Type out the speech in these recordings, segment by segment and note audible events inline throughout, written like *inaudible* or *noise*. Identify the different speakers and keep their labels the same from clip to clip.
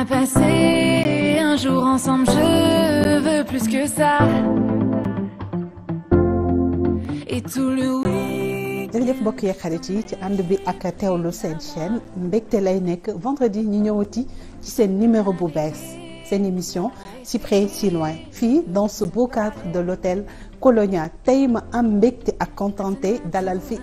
Speaker 1: a passé un je veux plus que Et tout le
Speaker 2: jërëjëf mbokk yi xarit ci ànd bi ak teewlu seen chaîne lay nekk vendredi ñu ñëwati ci seen numéro bu bees seen émission si près si loin fii dans de l'hôtel Colonia tey ma am mbégte ak contenté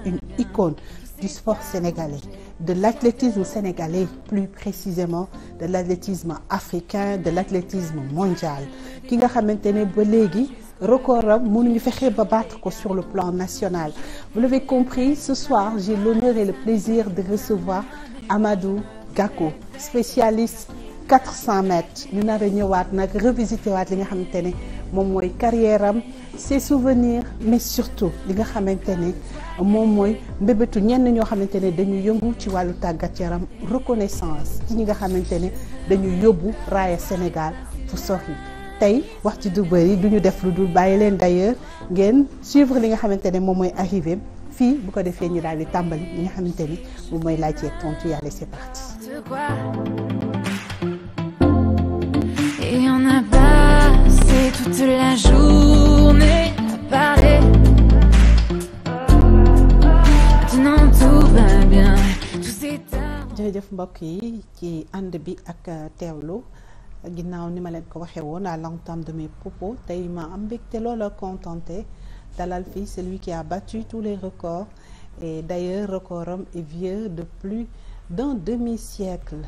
Speaker 2: une icône du sport sénégalais de l'athlétisme sénégalais, plus précisément de l'athlétisme africain, de l'athlétisme mondial. ki nga xamante ne ba léegi record am mënuñu fexe ba battre ko sur le plan national. Vous l'avez compris, ce soir, j'ai l'honneur et le plaisir de recevoir Amadou Gakou, spécialiste 400 mètres. ñu nar a ñëwaat nag revisiter waat li nga xamante ne moom mooy carrière am ses souvenirs mais surtout li nga xamante ne. moom mooy mbébétu ñenn ñoo xamante ne dañu yëngu ci wàllu tàggat yaram reconnaissance ci ñi nga xamante ne dañu yóbbu raaya Sénégal fu sori tey wax ci du bëri du ñu def lu dul bàyyi leen d'ailleurs ngeen suivre li nga xamante ne moom mooy arrivé fii bu ko defee ñu daal di tàmbali li nga xamante moom mooy laaj yeeg tontu yàlla c'est parti. jërëjëf mbokk yi ci ànd bi ak euh, teewlu ginnaaw ni ma leen ko waxee woon à l'entame de mes propos tey ma am mbégte loola contenté dalal fii celui qui a battu tous les records et d'ailleurs record am est vieux de plus demi-siècle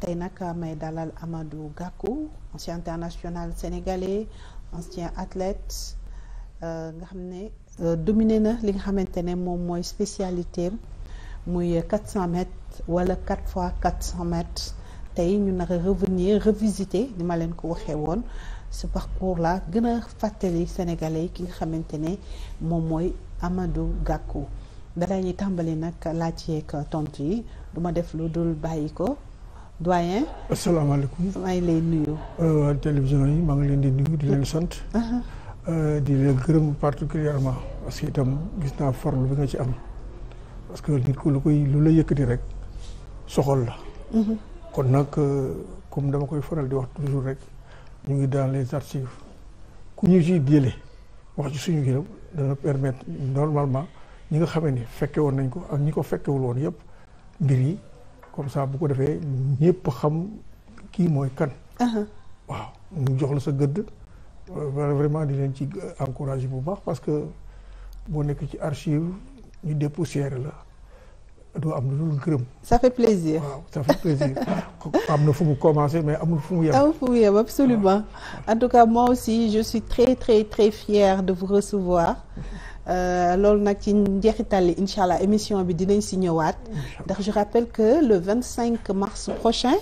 Speaker 2: tey nag may dalal Amadou gàkku ancien international sénégalais ancien athlète euh, nga xam ne euh, dominé na li nga xamante ne moom mooy spécialité muy 400 mètres wala 4 fois 400 mètres tey ñu nar a revenir revisiter ni ma leen ko waxee woon ce parcours laa gën a fàttali sénégalais ki nga xamante ne moom mooy Amadou gàkku dara ñuy tàmbali nag laaj yeeg tontu yi du ma def lu dul bàyyi ko doyen.
Speaker 3: asalaamaaleykum maa ngi lay nuyu. Euh, waa télévision yi maa ngi leen di nuyu di leen sant. Uh-huh. Euh, di leen gërëm particulièrement parce que itam gis naa farlu bi nga ci am. parce que nit ko lu koy lu la rek soxol la. Mhm. kon nag euh, comme dama koy faral di wax toujours rek ñu ngi dans les archives ku ñu ciy jëlee wax ci suñu yëpp dana permettre normalement ñi nga xamee ni fekke woon nañ ko ak ñi ko fekkewul woon yëpp mbir yi comme ça bu ko defee ñëpp xam kii mooy kan. Uh-huh. waaw ñu jox la sa gëdd. Euh, vraiment di leen ci encouragé bu baax parce que boo nekk ci archive ñu
Speaker 2: dépoussière la doo am lu dul gërëm. ça fait plaisir *laughs* am na fu mu commencé mais amul fu mu yem. amul fu mu yem absolument en tout cas moi aussi je suis très très fière de vous recevoir. Euh, loolu nag ci njeexital li incha allah émission bi dinañ si ñëwaat ndax je rappelle que le 25 mars prochain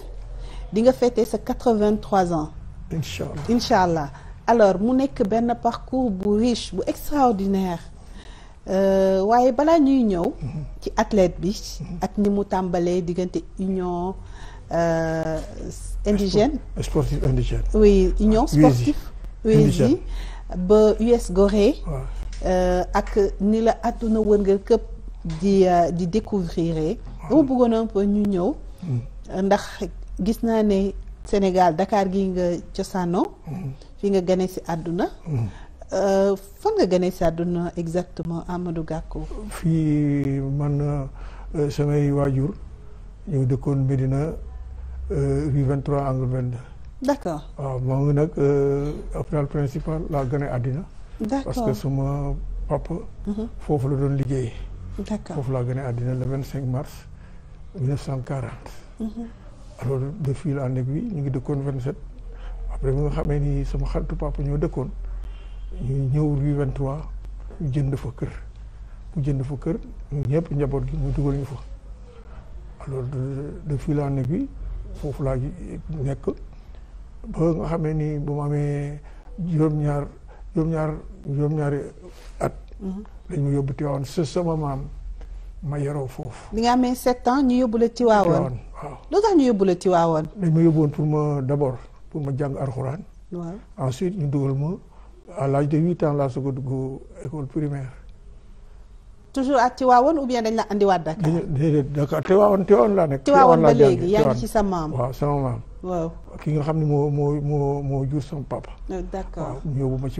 Speaker 2: di nga fêter sa 83 ans. incha allah incha allah alors mu nekk benn parcours bu riche bu extraordinaire. Euh, waaye balaa ñuy ñëw mhm. ci athlète bi mhm. ak ni mu tàmbalee diggante union euh, indigène sportif indigène oui union sportif UESI ba US Gorée euh, ak ni la àdduna wërngal këpp di di découvrir dama bëggoon un peu ñu ñëw mhm. ndax gis naa ne Sénégal dakaar gi nga cosaanoo fi nga gane ci àdduna Euh, fan nga exactement Amadou Gàkku
Speaker 3: fii man euh, samay waajur ñu dëkkoon Médina euh, rue 23 angle 22. d' accord waaw moom nag hôpital principal laa gën àddina. d' accord parce que suma mhm. foofu la doon liggéey. d' accord foofu laa gën a àddina le 25 mars 1940. de fil en aiguille ñu ngi dëkkoon 27 après bi nga xamee ni sama xaritu papa ñoo dëkkoon. ñuy ñëw rue 23 ñu jënd fa kër bu jënd fa kër ñëpp njaboot gi mu dugal ñu fa alors de fil en aiguille foofu laa nekk ba nga xamee ni bu ma amee juróom-ñaar juróom-ñaar juróom-ñaari
Speaker 2: at mhm.
Speaker 3: lañ ma yóbbu Tiwaawan sa sama maam ma yaroo foofu
Speaker 2: bi nga amee sept ans ñu yóbbu la Tiwaawan waaw loo tax ñu yóbbu la Tiwaawan
Speaker 3: dañ ma yóbbuwoon pour ma d'abord pour ma jàng alxuraan ensuite ñu dugal ma laa soog a dugg école primaire.
Speaker 2: toujours à Tivaouane ou dañ la andiwaat Dakar.
Speaker 3: déedéet Dakar laa nekk. Tivaouane ba léegi yaa ngi ci sa maam waaw sama maam. waaw ne moo moo moo euh,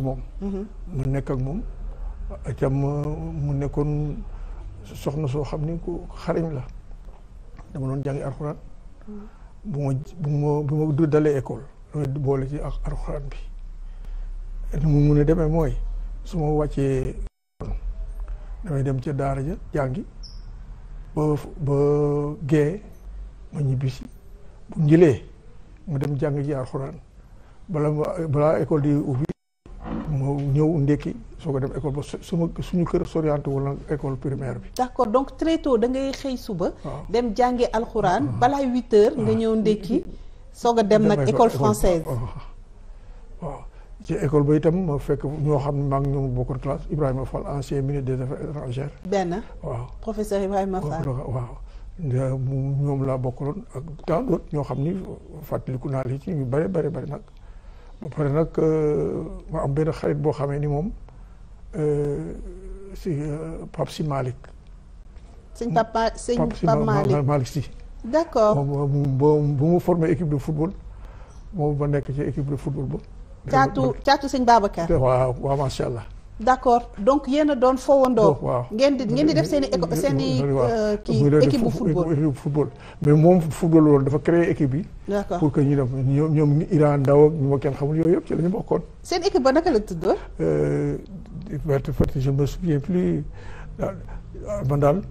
Speaker 3: moom. Mhm. mu nekk ak mu nekkoon soxna soo xam ni ku xarañ la dama doon jàngi alxuraan. Mhm. bu ma bu ma bu dalee école. boole ci ak alxuraan bi. nu mu mun a demee mooy su ma wàccee damay dem ca daara ja jàngi ba ba gee ma ñibbisi bu njëlee mu dem jàng ji alxuraan bala balaa école di ubbi moo ñëw ndekki soo ko dem école ba suma suñu kër soriante wala école primaire bi. d' accord
Speaker 2: donc très tôt da ngay xëy suba. dem jànge alxuraan. Mm-hmm. balaa huit heures nga ah. ñëw ndékki. soog a dem nag école française
Speaker 3: ci école ba itam ma fekk ñoo xam ne maa ngi ñoom bokkoon classe Ibrahima Fall ancien ministre des affaires étrangères.
Speaker 2: benn waaw professeur Ibrahima Fall
Speaker 3: waaw. ñoom laa bokkaloon ak tant d'autres ñoo xam ni fàttaliku naa li ci ñu bare bëri bëri nag ba pare nag euh, ma am benn xarit boo xamee ni moom euh, si euh, Pape Si Malick.
Speaker 2: sëñ papa sëñ Pape Malick
Speaker 3: Malick Si. d'accord moom bu mu formé équipe de football moom ba nekk ci équipe de football ba.
Speaker 2: caatu caatu sëñ Babacar.
Speaker 3: waaw waaw macha allah.
Speaker 2: d' accord donc yéen a doon fowandoo. waaw ngeen di ngeen di def seen i éco i. kii équipe bu
Speaker 3: football mais moom football loolu dafa créer équipe bi. d' accord pour que ñu def ñoom ñoom Iran Ndaw ak ñu ma kenn xamul yooyu yëpp ci la ñu bokkoon.
Speaker 2: seen équipe ba naka la tuddoon.
Speaker 3: verte man daal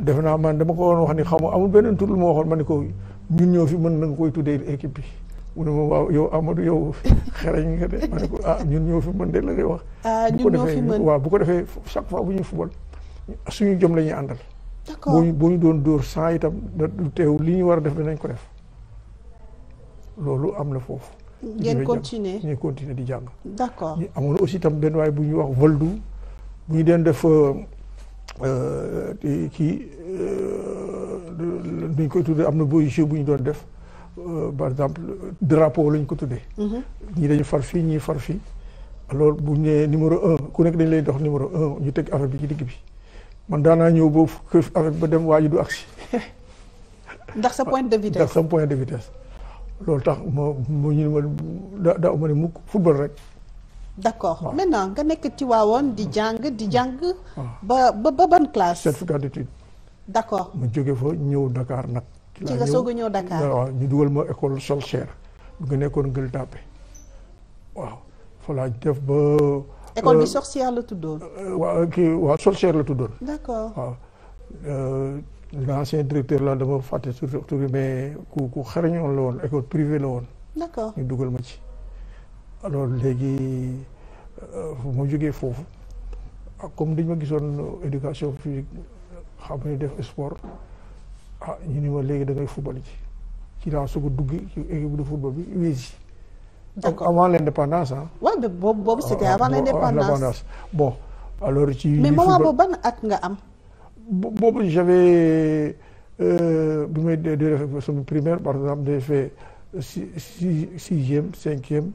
Speaker 3: defe naa man dama ko woon wax ni xaw ma amul beneen tur lu ma waxoon ma ne ko ñun ñoo fi mën na koy tuddee équipe bi. mu ne ma waaw yow Amadou yow *laughs* xereñ nga de ma ne ko ah ñun ñoo fi mën de la de wax.
Speaker 2: Ah, ñun ñoo fi mën
Speaker 3: waaw bu ko defee chaque fois bu ñuy football suñu jom la ñuy àndal. d'accord boo ñu boo ñu doon dóor sans itam du teew li ñu war a def danañ ko def loolu am na foofu. ngeen continuer ñu continuer di jàng. d'accord amoon aussi tam benn waay bu ñuy wax voldu bu ñu den def euh, euh, kii euh, duñ koy tuddee am na booy jeu bu ñu doon def. Euh, par exemple drapeau lañ ko tuddee. Mhm. ñii dañu far fii ñii far fii. alors bu ñu numéro un ku nekk dañu lay dox numéro un ñu teg affaire bi ci digg bi man daanaa ñëw ba këf affaire ba dem waa du agsi.
Speaker 2: *laughs* ndax sa point de ndax
Speaker 3: sa point de vitesse. loolu tax ma ma ñu ma daa ma ne mukk football rek. d'accord
Speaker 2: maintenant nga nekk Tiwaawoon di jàng di hmm. jàng. ba ba ban classe. certificat d'études. d'accord ma
Speaker 3: jóge fa ñëw Dakar nag. ci nga soog a ñëw Dakar waaw ñu dugal ma école Salcère bu nga nekkoon Gueule Tapée waaw fa laa def ba. école bi euh,
Speaker 2: sorcière la tuddoon. Euh, waaw
Speaker 3: kii waaw sorcière la tuddoon. d'accord waaw. Euh, directeur la dama fàtte surtout mais ku ku xarañoon la woon école privée la woon. d'accord ñu dugal ma ci. alors léegi moo jógee foofu comme dañ ma gisoon éducation physique xam ne def sport. ah ñu ni ma léegi da ngay football ji ci laa soog a dugg ci équipe de bi Uezi. donc avant l'indépendance ah.
Speaker 2: waaw mais boobu boobu ah, avant ah, l'indépendance
Speaker 3: bon alors ci. mais boobu
Speaker 2: ban at nga am.
Speaker 3: boobu j'avais euh, bi may def sama primaire par exemple j'ai fait si si sixième cinquième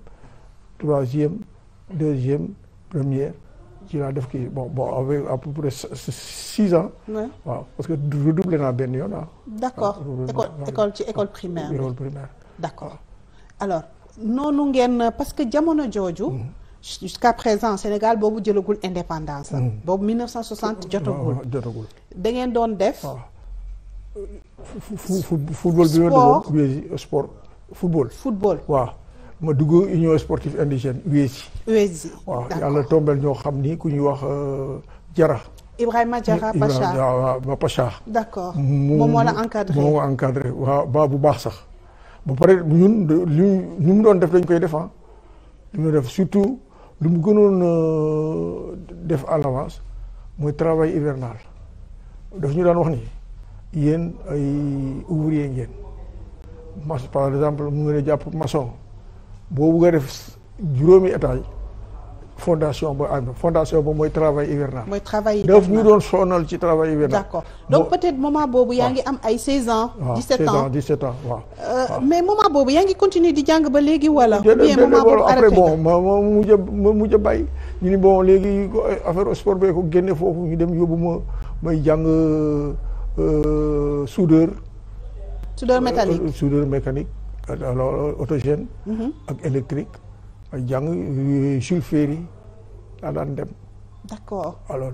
Speaker 3: troisième ci laa def kii bon bon avec à près six ans. waaw parce que redoublé naa benn yoon ah.
Speaker 2: d' école école ci école primaire. école primaire d' accord alors noonu ngeen parce que jamono jooju. Mm-hmm. jusqu'à présent Sénégal boobu jëlagul indépendance. Mm-hmm. boobu 1960 jotagul. jotagul da ngeen doon def. football bi ma
Speaker 3: doon. sport football. football waaw. ma dugg union sportive indigène UESI. UESI waaw yàlla tombel ñoo xam ni ku ñuy wax euh, Jara.
Speaker 2: Ibrahima Jara Pacha
Speaker 3: Ibrahima Pacha. moom moo la encadré waaw ba bu baax sax. bu pare ñun li ñu doon def dañ koy def ah. li mu def surtout lu mu gënoon euh, def à l'avance mooy travail hivernal daf ñu daan wax ni yéen ay ouvrier ngeen. mas par exemple mu ngi lay jàpp maçon. boo bëgg a def juróomi état yi fondation ba am fondation ba mooy travail hivernal. mooy
Speaker 2: travail hivernal daf ñu doon
Speaker 3: sonal ci travail hivernal. d' accord
Speaker 2: donc peut être boobu yaa ngi am ay 16 ans. 17 ans waaw
Speaker 3: 17 ans euh, waaw.
Speaker 2: mais moment boobu yaa ngi continuer di jàng ba léegi wala. ou bien moment boobu arrêté après
Speaker 3: bon ma mujj a ma mujj bàyyi ñu ni bon léegi affaire sport bee ko génne foofu ñu dem yóbbu ma may jàng euh, soudeur. soudeur euh, mécanique soudeur mécanique. autogène mhm. ak électrique jàng Jules Ferry daa daan dem d'accord alors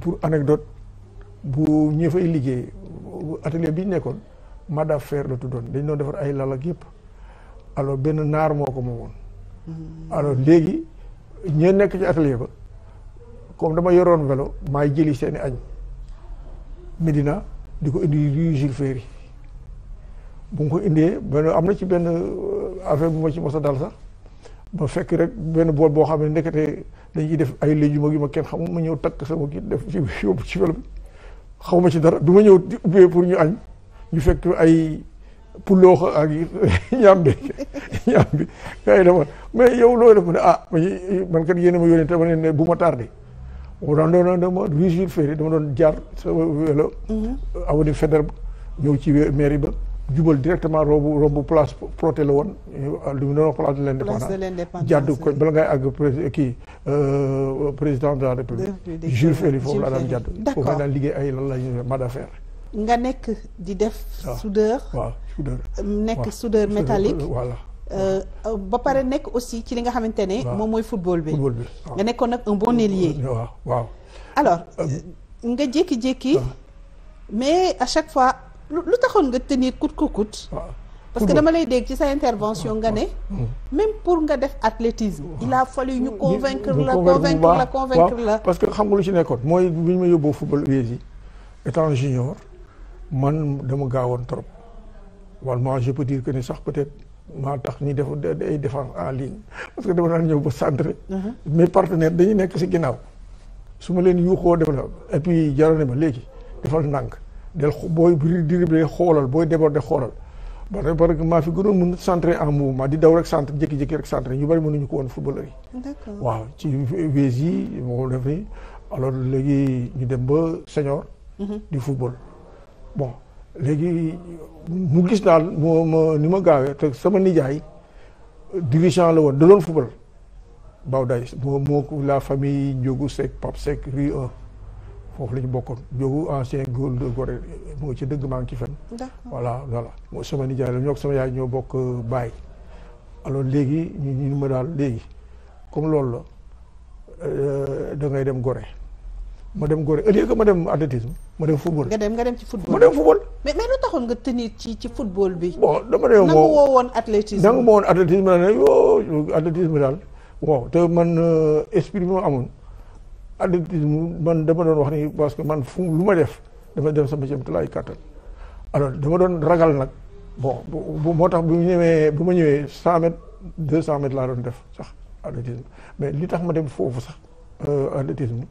Speaker 3: pour anecdote bu ñë liggéey atelier bi ñu nekkoon mada fer la tuddoon dañ doon defar ay lal ak yëpp alors benn naar moo ko moomoon mhm. alors léegi ñee nekk ci atelier ba comme dama yoroon vélo maay jëli seeni añ Médina di ko indi rue Jules bu ma ko indee benn am na ci benn euh, affaire bu ma ci mos a dal sax ma fekk rek benn bool boo xam ne ndekete dañuy def ay légumes yu ma kenn xamul ma ñëw takk sama kii def ci *laughs* yóbbu ci wàllum xaw ma ci dara bi ma ñëw di ubbee pour ñu añ ñu fekk ay pulooxa ak *laughs* ñaam bi *laughs* ñaam bi gars yi dama yow loo def mu ah, yéen a te ma ne bu ma tardé. wala non non dama huit jours férié dama doon jaar sama vélo. Mhm. avenue Faidherbe ñëw ci mairie ba. jubal directement rombu rombu place proté la woon lu mu doon place de l'indépendance jàdd ko bala ngay àgg euh, président de la république Jules Ferry foofu laa daan jàdd foofu laa daan liggéey ay lan la d'affaire
Speaker 2: nga nekk di def ah. soudeur euh, nekk soudeur métallique euh, ba pare nekk aussi ci li nga xamante ne moom mooy football bi football bi nga nekkoon nag un bon ailier waaw waaw alors nga jékki-jékki ah. mais à chaque fois lu taxoon nga tenir coûte ko ah, coûte parce que dama lay dégg ci sa intervention nga ne ah, ah, même pour nga def athlétisme il a fallu ñu convaincre la convaincre la convaincre
Speaker 3: la parce que xam nga lu ci nekkoon mooy bi ñu ma yóbboo football yi étant junior man dama gaawoon trop wala moi je peux que ni sax peut-être maa tax ñuy def ay défense en ligne parce que dama daan ñëw ba centre uh-huh. mes partenaire dañu nekk si ginnaaw su ma leen yuuxoo def la et puis jarone del booy dribble xoolal booy déborder xoolal ba maa fi gënoon mën centré en mouvement di daw rek centre jékki-jékki rek centré ñu bari mënuñu ko woon footballeur
Speaker 4: yi waaw
Speaker 3: ci wees yi moo def ni alors léegi ñu dem ba senior mhm. di football bon léegi mu gis daal moo ma ni ma gaawee teg sama nijaay dirigeant la woon da doon football Baw Day moo moo la famille Ndiogou Seck Pape Seck Rue foofu la ñu bokkoon jógu ancien góor de Gorée mu ngi ci dëgg maa ngi ci fen voilà voilà moo sama nijaay la ñoo sama yaay ñoo bokk euh, baay alors léegi ñu ñu ma daal léegi comme loolu la euh, da ngay dem gore ma dem Gorée au ma dem athlétisme ma dem football.
Speaker 2: nga dem ci football ma dem football. mais mais lu taxoon nga tenir ci ci football bi. bon dama dem woo nangu woo woon athlétisme. nangu ma woon
Speaker 3: athlétisme daal ne yoo daal waaw te man euh, esprit bi ma amoon. athlétisme man dama doon wax ni parce que man fu lu ma def dama def sama jëm tolluwaay kàttan alors dama doon ragal nag bon bu moo tax bu ñëwee bu ma ñëwee cent mètres deux cent mètres laa doon def sax athlétisme mais li tax ma dem foofu sax euh, athlétisme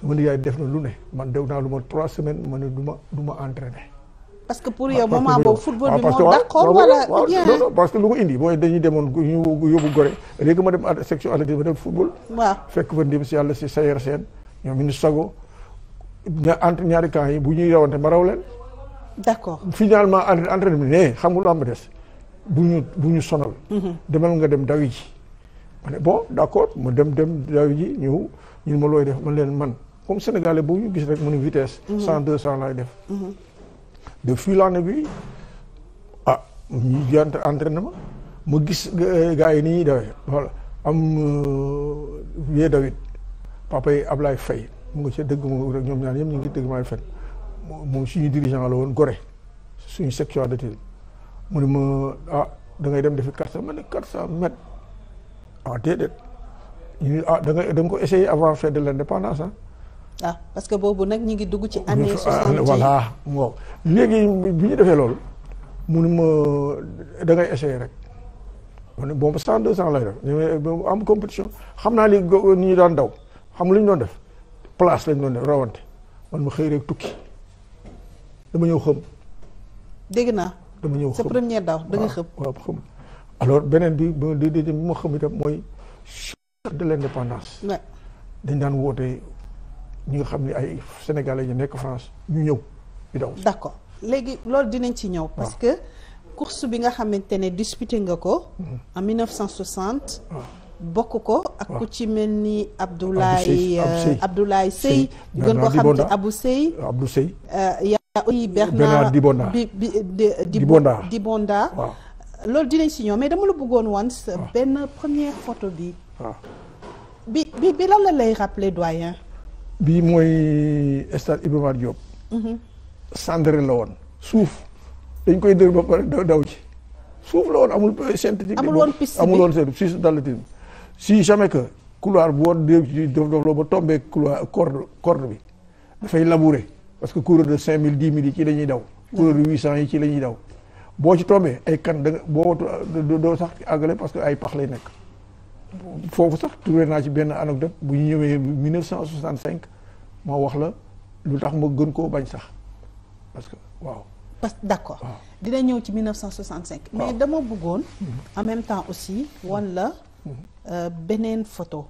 Speaker 3: sama nijaay def na lu ne man dew naa lu ma trois semaines ma ne du ma du ma entraîné.
Speaker 2: parce que pour ah, yow moment boobu football ah, bi moo d'accord wala bien
Speaker 3: que lu ko indi dañuy demoon ñu yóbbu Gorée léegi ma dem à section athlétique ma dem football. fekk fa ndim si yàlla si Sayer Sène ñoom ñu sago ña entre ñaari camps yi bu ñuy rawante ma raw leen. d'accord finalement entraîné bi ne xam nga lu am des bu ñu bu ñu sonal. Mhm. demal nga dem dawi ji. bon d'accord mu dem dem dawi ji ñëw ñu ma looy def man leen man comme Sénégalais boo ñu gis rek mu ne vitesse. 100 mhm. 200 laay de mhm. de fil en aiguille ah ñu jant entraînement ma gis gars yi ni ñuy dawee voilà am vieux David papa yi Ablaye Faye mu nga ca dëgg moom rek ñoom ñaar yëpp ñu ngi dëgg maay fen moom suñu dirigeant la woon Gorée suñu section de tir mu ne ma ah da ngay dem defi quatre cent ma ne quatre cent mètres ah déedéet ñu ah da nga ko essayé avant fête de l'indépendance ah
Speaker 2: ah parce que boobu nag ñu ngi dugg ci année. soixante voilà
Speaker 3: waaw léegi bi ñu defee loolu munuma da ngay essayer rek. bon bon cent deux cent lay def ñu am compétition xam naa li ni ñu daan daw xam lu ñu doon def place lañ doon def rawante man ma xëy rek tukki dama ñëw xëm. dégg naa. dama ñëw xëm sa première
Speaker 2: daaw da nga xëm.
Speaker 3: waaw xëm alors beneen bi bi ma xam itam mooy. de l' dañ daan woote. ñu nga xam ne ay sénégalais yi nekk France ñu ñëw di daw.
Speaker 2: d'accord léegi loolu dinañ ci ñëw. parce ah. que course bi nga xamante ne disputé nga ko. Mhm. en 1960. Ah. bokk ko ak ah. ku ci mel ni Abdoulaye euh, Abdoulaye Seye ñu gën ko xam te Abou Seye Abou Seye euh, yaa aussi Bernard Dibonda Dibonda loolu dinañ si ñëw mais dama la bëggoon wan benn première photo bi bi bi lan lay rappeler doyen
Speaker 3: bii mooy stade Iba Mar Diop. Mhm. la woon suuf dañ koy dër ba pare daw ci suuf la woon amul synthétique. amul woon piste bi amul woon si jamais que couloir bu woon dégg ci dof dof ba tombé couloir corde bi dafay laboure parce que coureur de cinq mille dix mille yi ci la ñuy daw. coureur de huit cent yi ci la ñuy daw. boo ci tombé ay kan da nga boo doo sax àggale parce que ay pax lay nekk. foofu sax trouvé naa ci benn anecdote bu ñu ñëwee 1965 ma wax la lu tax ma gën koo bañ sax parce que
Speaker 2: waaw. parce que d' accord ah. dina ñëw ci 1965. Ah. mais dama bëggoon.
Speaker 4: Mm-hmm.
Speaker 2: en même temps aussi wan la. Mm-hmm. Euh, beneen photo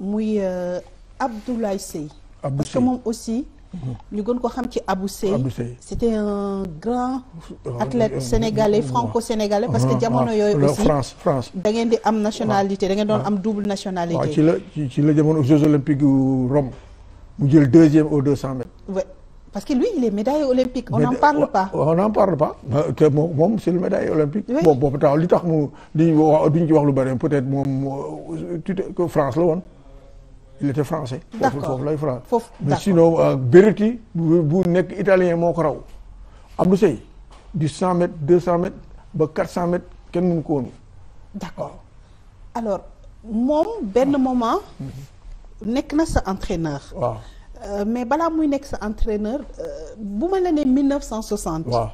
Speaker 2: muy euh, Abdoulaye Seye. Abdou Seye parce moom aussi. ñu gën ko xam ci Abou Seye c'était un grand athlète sénégalais franco-sénégalais parce que jamono yooyu aussi France France da ngeen di am nationalité da ngeen doon am double nationalité ci la
Speaker 3: ci la jamono Jeux olympiques Rome mu jël deuxième aux deux cent
Speaker 2: mètres parce que lui il est médaillé olympique on n'en parle pas
Speaker 3: on n'en parle pas moom moom c'est le olympique bon boobu tax li tax mu diñ wax lu bëri peut-être moom euh, tu que France la woon il était français. foofu foofu lay France. foofu mais sinon euh, Beretti bu bu nekk italien moo ko raw. Abdou Seye du cent mètres deux cent mètres ba quatre cent mètres kenn mënu ko woon. d'accord
Speaker 2: alors moom benn ah. moment.
Speaker 3: Mhm.
Speaker 2: nekk na sa entraîneur. waaw euh, mais balaa muy nekk sa entraîneur euh, bu ma la nee 1960. waaw waaw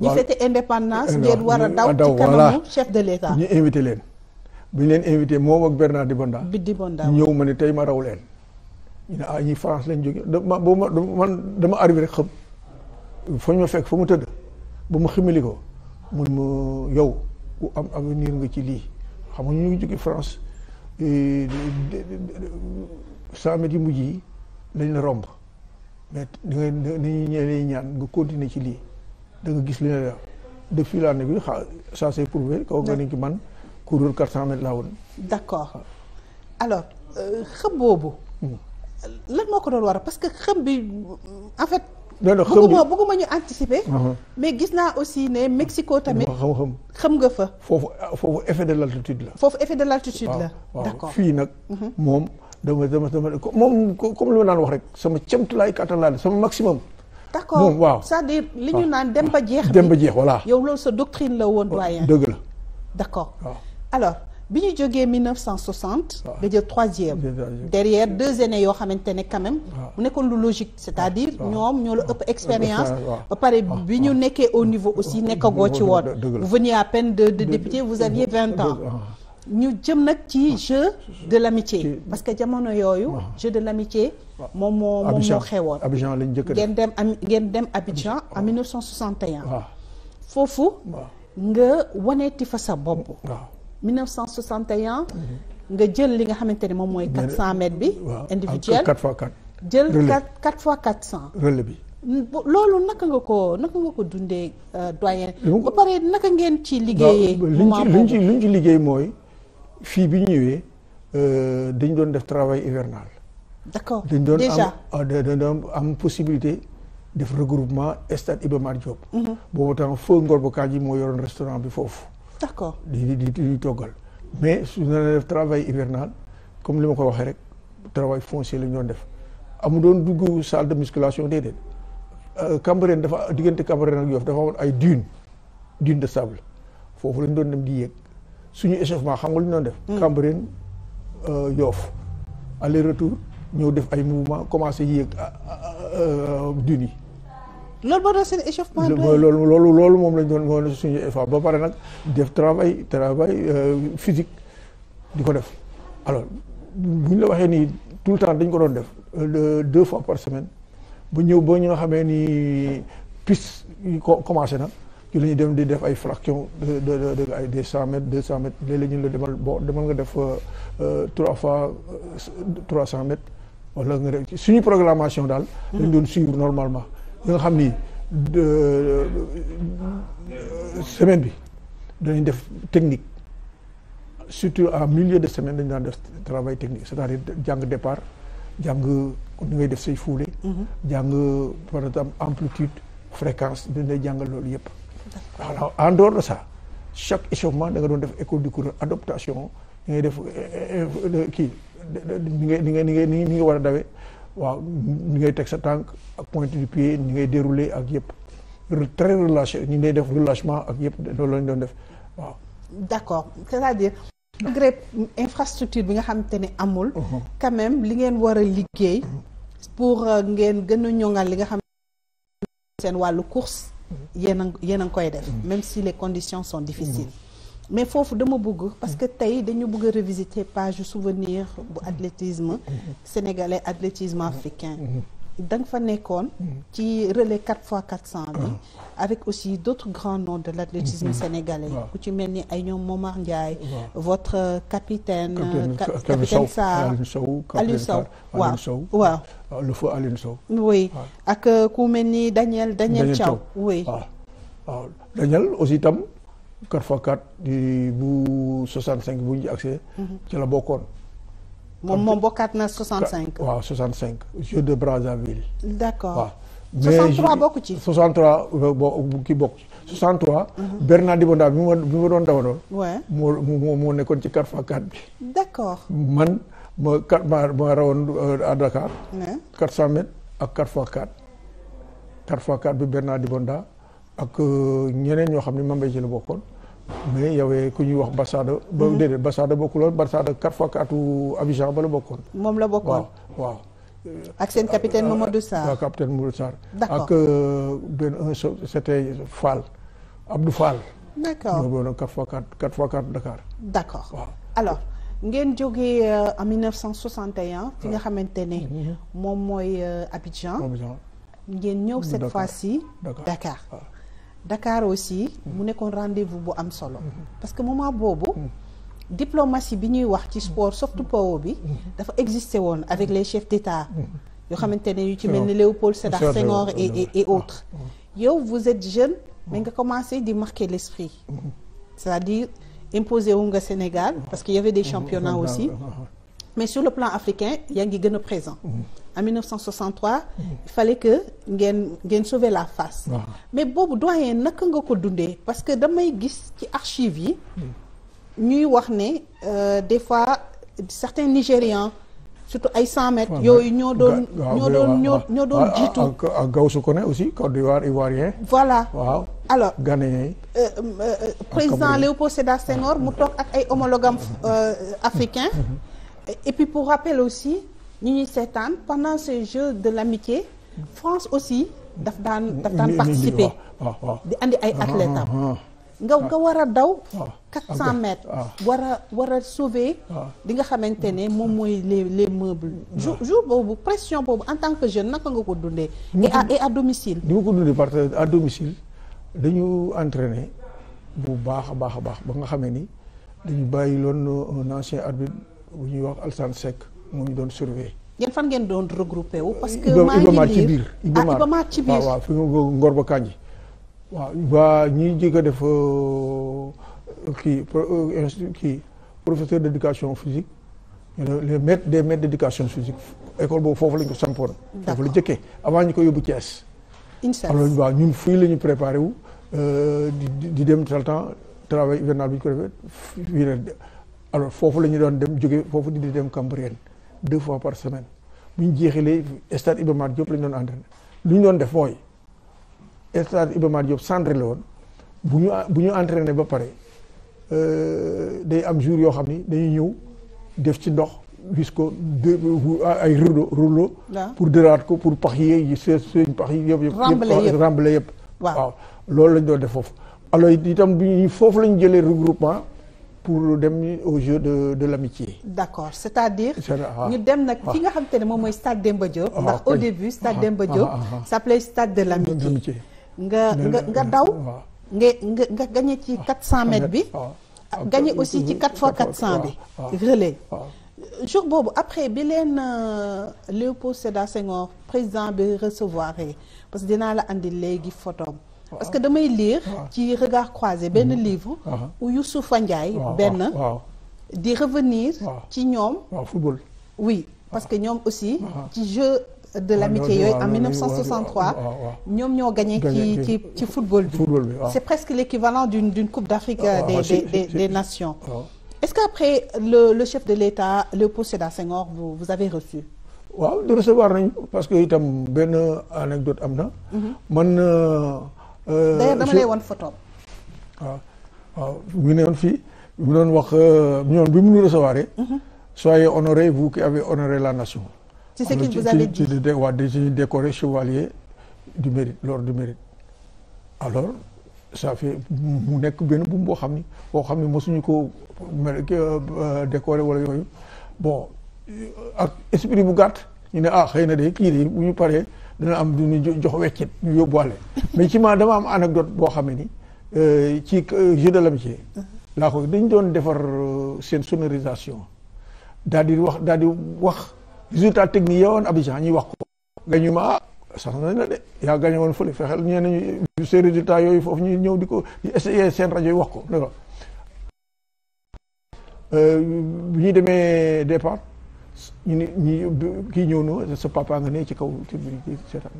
Speaker 2: ñu fêté indépendance. ngeen war a daw ci kanamu chef de l'État. ñu
Speaker 3: invité leen. bi ñu leen invité moom ak Bernard Dibonda. bi Dibonda ñëw ma ne tey ma raw leen. ñu ne ah ñii France lañ jógee dama ma man dama arrivé rek xam. fa ma fekk fa mu ba mu ximali ko mun ma yow ku am avenir nga ci lii xam nga ñu ngi jóge France cent mètres yi mujj yi lañ la romb mais da ngay ni ñuy ñaan nga continuer ci lii danga gis li nga la depuis l'année bi xa ça s'est prouvé kaw nga ni ki man. kuréel 400 mètres laa
Speaker 2: d' accord alors euh, xam boobu. Hmm. lan moo ko doon waral parce que xam bi en fait.
Speaker 3: non
Speaker 4: non bëgguma
Speaker 2: bëgguma ñu anticiper. Uh-huh. mais gis naa aussi ne Mexico tamit. xam-xam xam nga fa. foofu
Speaker 3: foofu effet de l' altitude la.
Speaker 2: foofu effet de l' altitude la. d' accord fii nag. Mhm.
Speaker 3: moom dama dama dama moom comme li ma naan wax rek sama cemtulaay kattan
Speaker 2: moom waaw cest li ñu ah. naan dem ba jeex. dem ba jeex voilà. yow loolu sa doctrine la woon doyen. dëgg la d' alors bi ñu jógee 1960. waaw nga jël troisième. derrière deux années yoo xamante ne quand même. Ah. mu nekkoon lu logique. c'est-à-dire ah. ñoom ñoo la ëpp ah. expérience. ba pare bi ñu nekkee au niveau aussi nekkagoo ci woon. vous veniez à peine de de député vous aviez vingt ans. ñu jëm nag ci jeu de l'amitié parce que jamono yooyu. jeu de l'amitié. moom moo moom moo xewoon.
Speaker 3: Abidjan lañ njëkk ngeen dem
Speaker 2: am ngeen dem Abidjan en 1961. foofu. nga waneeti fa sa bopp. 1961. nga jël li nga xamante ne moom mooy. 400 mètres bi. individuel 4 fois 4. jël 4 4 fois 400. relais bi. loolu naka nga ko naka nga ko dundee euh, doyen. ba pare naka ngeen ci liggéeyee. moment boobu luñ ci
Speaker 3: luñ ci liggéey mooy fii bi ñëwee euh, dañ doon def travail hivernal. d'accord dañ doon am ah, am possibilité. def regroupement stade Iba Mar Diop. Mhm. boobu tam feu Ngor Bocandji moo yoroon restaurant bi foofu. d'accord di di di toggal mais su na def travail hivernal comme li ma ko waxee rek travail foncier la ñu doon def amu doon dugg salle de musculation déedéet euh, Cambérène dafa diggante Cambérène ak Yoff dafa amoon ay dunes dunes de sable foofu lañu doon dem di yéeg suñu échauffement xam nga lu ñu doon def hmm. Cambérène euh, Yoff aller retour ñëw def ay mouvement commencé yéeg euh, dunes yi
Speaker 2: loolu moo doon seen échauffement loolu
Speaker 3: loolu loolu moom lañ doon mooy suñu effort ba pare nag def travail travail euh, physique di ko def alors bu ñu la waxee nii tout le temps dañ ko doon def euh, deux fois par semaine bu ñëw ba ñu nga xamee ni piste yi ko commencé na ci la dem di def ay fraction de de ay des cent mètres deux cent mètres léeg-léeg la demal boo demal nga def euh, trois fois trois cent mètres wala nga def suñu programmation daal. dañ doon suivre normalement. ñi nga xam ni semaine bi dañuy def technique surtout a milieu de semaine dañu daan def travail technique c'est-à-dire jàng départ jàng ni ngay def say foulée. Mhm. jàng par exemple amplitude fréquence dañ lay jànga loolu yëpp. alors en dehors de ça chaque échauffement da doon def école du coureur adaptation ni ngay def eh, eh, eh, kii ni nga ni nga ni nga ni nga war a dawee. waaw ni ngay teg sa tànk ak pointe du pied ni ngay dérouler ak yëpp très relâché ñu ngay def relâchement ak yëpp loolu lañ doon def
Speaker 2: waaw d'accord c'est-à-dire malgré infrastructure bi nga xamante ni amul uh-huh. quand même li ngeen war a liggéey pour euh, ngeen gën a ñoŋal li nga xam seen wàllu course uh-huh. yéen a yéen a koy def uh-huh. même si les conditions sont difficiles mais foofu dama bëgg parce que tey dañu bëgg a revisiter page souvenir bu athlétisme sénégalais athlétisme africain da fa nekkoon ci relais 4 fois 400 bi avec aussi d'autres grands noms de l'athlétisme sénégalais ku ci mel ni ay ñoom Momar Ndiaye votre euh, capitaine euh, capitaine Sarr
Speaker 3: Aliou Sow waaw waaw ah, le faux Aliou Sow
Speaker 2: oui ak euh, ku mel ni Daniel Daniel Thiaw oui waaw ah. ah,
Speaker 3: Daniel aussi tam quatre fois quatre bu 65 bu ñu accès. Mhm. ci la bokkoon. moom moom
Speaker 2: bokkaat na 65.
Speaker 3: waaw 65 jeu de Brazzaville. d'accord waaw. mais 63 euh, bokk ci. Mhm. bi ma bi ma doon dawanoon. waaw moo moo nekkoon ci 4 fois 4 bi. d'accord man ma kat fois 4. fois 4 bi Bernard Dibonda ak euh, ñeneen ñoo xam ne Mambey ci la bokkoon. mais yow ku ñuy wax Barsada. ba mhm. déedéet Barsada bokkuloon Barsada quatre fois quatre ou Abidjan ba la bokkoon. moom la bokkoon
Speaker 2: waaw waaw. ak seen capitaine euh, Mamadou
Speaker 3: Sarr waaw capitaine Mamadou Sarr. d'accord ak euh, benn un c'était Fall Abdou Fall. d'accord ñoo bokkoon quatre fois quatre quatre fois quatre Dakar.
Speaker 2: d'accord waaw alors. ngeen jógee euh, en 1961. fi nga xamante ne. Mhm. moom mooy Abidjan. ngeen ñëw cette fois-ci Dakar. ndakaar aussi mm-hmm. mu nekkoon rendez-vous bu am solo mm-hmm. parce que moment boobu mm-hmm. diplomatie bi ñuy wax ci sport soft power bi dafa existé woon avec les chefs d'État yoo xamante ne yu ci mel ni Léopold Sédar Senghor et et autres yow vous êtes jeune mais nga commencé di marquer l'esprit c'est-à-dire imposer wu nga Sénégal parce que y avait des aussi mais sur le plan africain yaa ngi gën a présent mm-hmm. en 1963 il fallait que ngeen ngeen sauver la face ah. mais boobu doyen naka nga ko dundee parce que damay gis ci archives yi ñuy wax ne euh, des fois certains Nigérians surtout ay 100 mètres yooyu ñoo doon ñoo doon
Speaker 3: ñoo ñoo doon jiitu ak Gawsu aussi Côte d'Ivoire ivoirien
Speaker 2: voilà waaw alors Ghanéen euh, euh, président Léopold Sédar Senghor mu toog ak ay homologam africain mm-hmm. et puis pour rappel aussi ñu ñuy seetaan pendant ces Jeux de l'amitié France aussi daf daan daf daan participer di andi ay ah, athlètes ah, am ah. nga war a daw. quatre mètres. war a war a sauver. di nga xamante ne moom mooy les les meubles. jour jour boobu pression boobu en tant que jeune naka nga ko dundee. et à et à domicile.
Speaker 3: ni ma ko dundee parce que domicile dañu entraîner bu baax a baax a baax ba nga xamee ni dañu bàyyi loon un arbitre. bu ñuy wax Alsane sec mu ñu doon surveiller.
Speaker 2: yéen fan ngeen doon regroupé wu. parce que maa ngi ci biir Ibamaar ah, ci biir. waaw waaw
Speaker 3: fi mu Ngor ba Kànji waaw waa ñi a def euh, kii euh, kii professeur d' éducation physique les maîtres des maîtres d' éducation physique école boobu foofu lañ ko sampoon. foofu la jëkkee avant ñu ko yóbbu Thiès. incha allah waaw ñun fii la ñu préparé wu euh, di di dem tout le temps travail hivernal bi ñu ko defee alors foofu la ñu doon dem jóge foofu di dem Cambérène deux fois par semaine bu ñu jeexalee stade Iba Mar la ñu doon entraîné lu ñu doon def mooy stade Iba Mar Diop centre la woon bu ñu bu ñu entraîné ba pare euh, day am jour yoo xam ni dañuy ñëw def ci ndox wis ko de ay rouleau rouleau pour dëraat ko pour pax yi seen pax yi yëpp yëpp remblai yëpp waaw loolu la doon def foofu alors itam bi foofu la jëlee regroupement pour dem au jeu de de l'amitié.
Speaker 2: d'accord c'est-à-dire. Ah, ah. ñu dem nag fi ah. nga xam te ne moom mooy stade Demba ndax au début stade Demba Diop. stade de l'amitié. nga nga nga daw. nga nga nga gagné ci 400 bi. gagné aussi ci 4 fois 400 bi. relais jour boobu après bi leen euh, Léopold Sédar Senghor président bi recevoir parce que dinaa la andi léegi photom parce que damay lire ah. ci regard croisé benn mm-hmm. livre ah. où Youssouf Ndiaye ah, benn di revenir ci ñoom football oui parce que ñoom aussi ci jeu de l'amitié yooyu en 1963 ñoom ñoo gagné ci ci ci football
Speaker 3: bi
Speaker 4: c'est
Speaker 2: presque l'équivalent d'une d'une coupe d'Afrique euh, des des des des nations est-ce qu'après le le chef de l'État Léopold Sédar Senghor vous vous avez reçu
Speaker 3: waaw de recevoir nañ parce que itam benn anecdote am na mm-hmm. man euh, Euh, d'ailleurs dama lay wan photo waaw ah, ah, waaw mu ne woon fii mu doon wax euh, ñoom bi mu nu recevoir mhm. soyez honorés vous qui avez honoré la nation. c'est ce qu'il vous avait dit ci chevalier du mérite l'ordre du mérite alors ça fait mu nekk benn buum boo xam ni boo xam ni mosuñu ko euh, décoré wala yooyu bon ak esprit bu gàtt ñu ne ah xëy na de kii de bu ñu paree. dana am du ñu jox weccit ñu yóbbuwaale mais ci ma dama am anecdote boo xam ne ni euh, ci jeu de ci laa ko dañ doon defar euh, seen sonorisation daal di wax daal di wax résultat technique yowoon Abidjan ñuy wax ko gañu ma ah sax nañ la de yaa gañe woon fële fexeel ñee ñu seen résultat yooyu foofu ñu ñëw di ko seen rajo yi wax ko loolu euh, bu ñuy demee départ ñu ne ñi kii ñëw na sa papa nga ne ci kaw ci biir kii seetaan.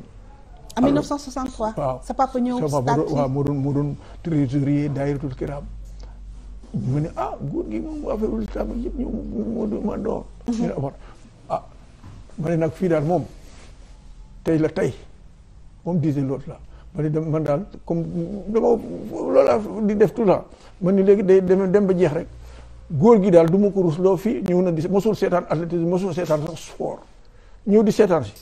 Speaker 2: am 1963 waaw sa papa ñëw stade waaw
Speaker 3: moo doon moo yi trésorier daayiratul kiram ñu ne ah góor gi moom affaire ul islam yëpp ñu moo doon mhm. ah, ah, ma door. ñu ne nag fii daal moom tey la tey moom disait l'autre là ma ne dem man daal comme dama loolu di def tout ça man ni léegi day dem dem ba jeex rek. góor gi daal du ma ko loo fii ñëw na di mosul seetaan athlétisme mosul seetaan sax sport ñëw di seetaan si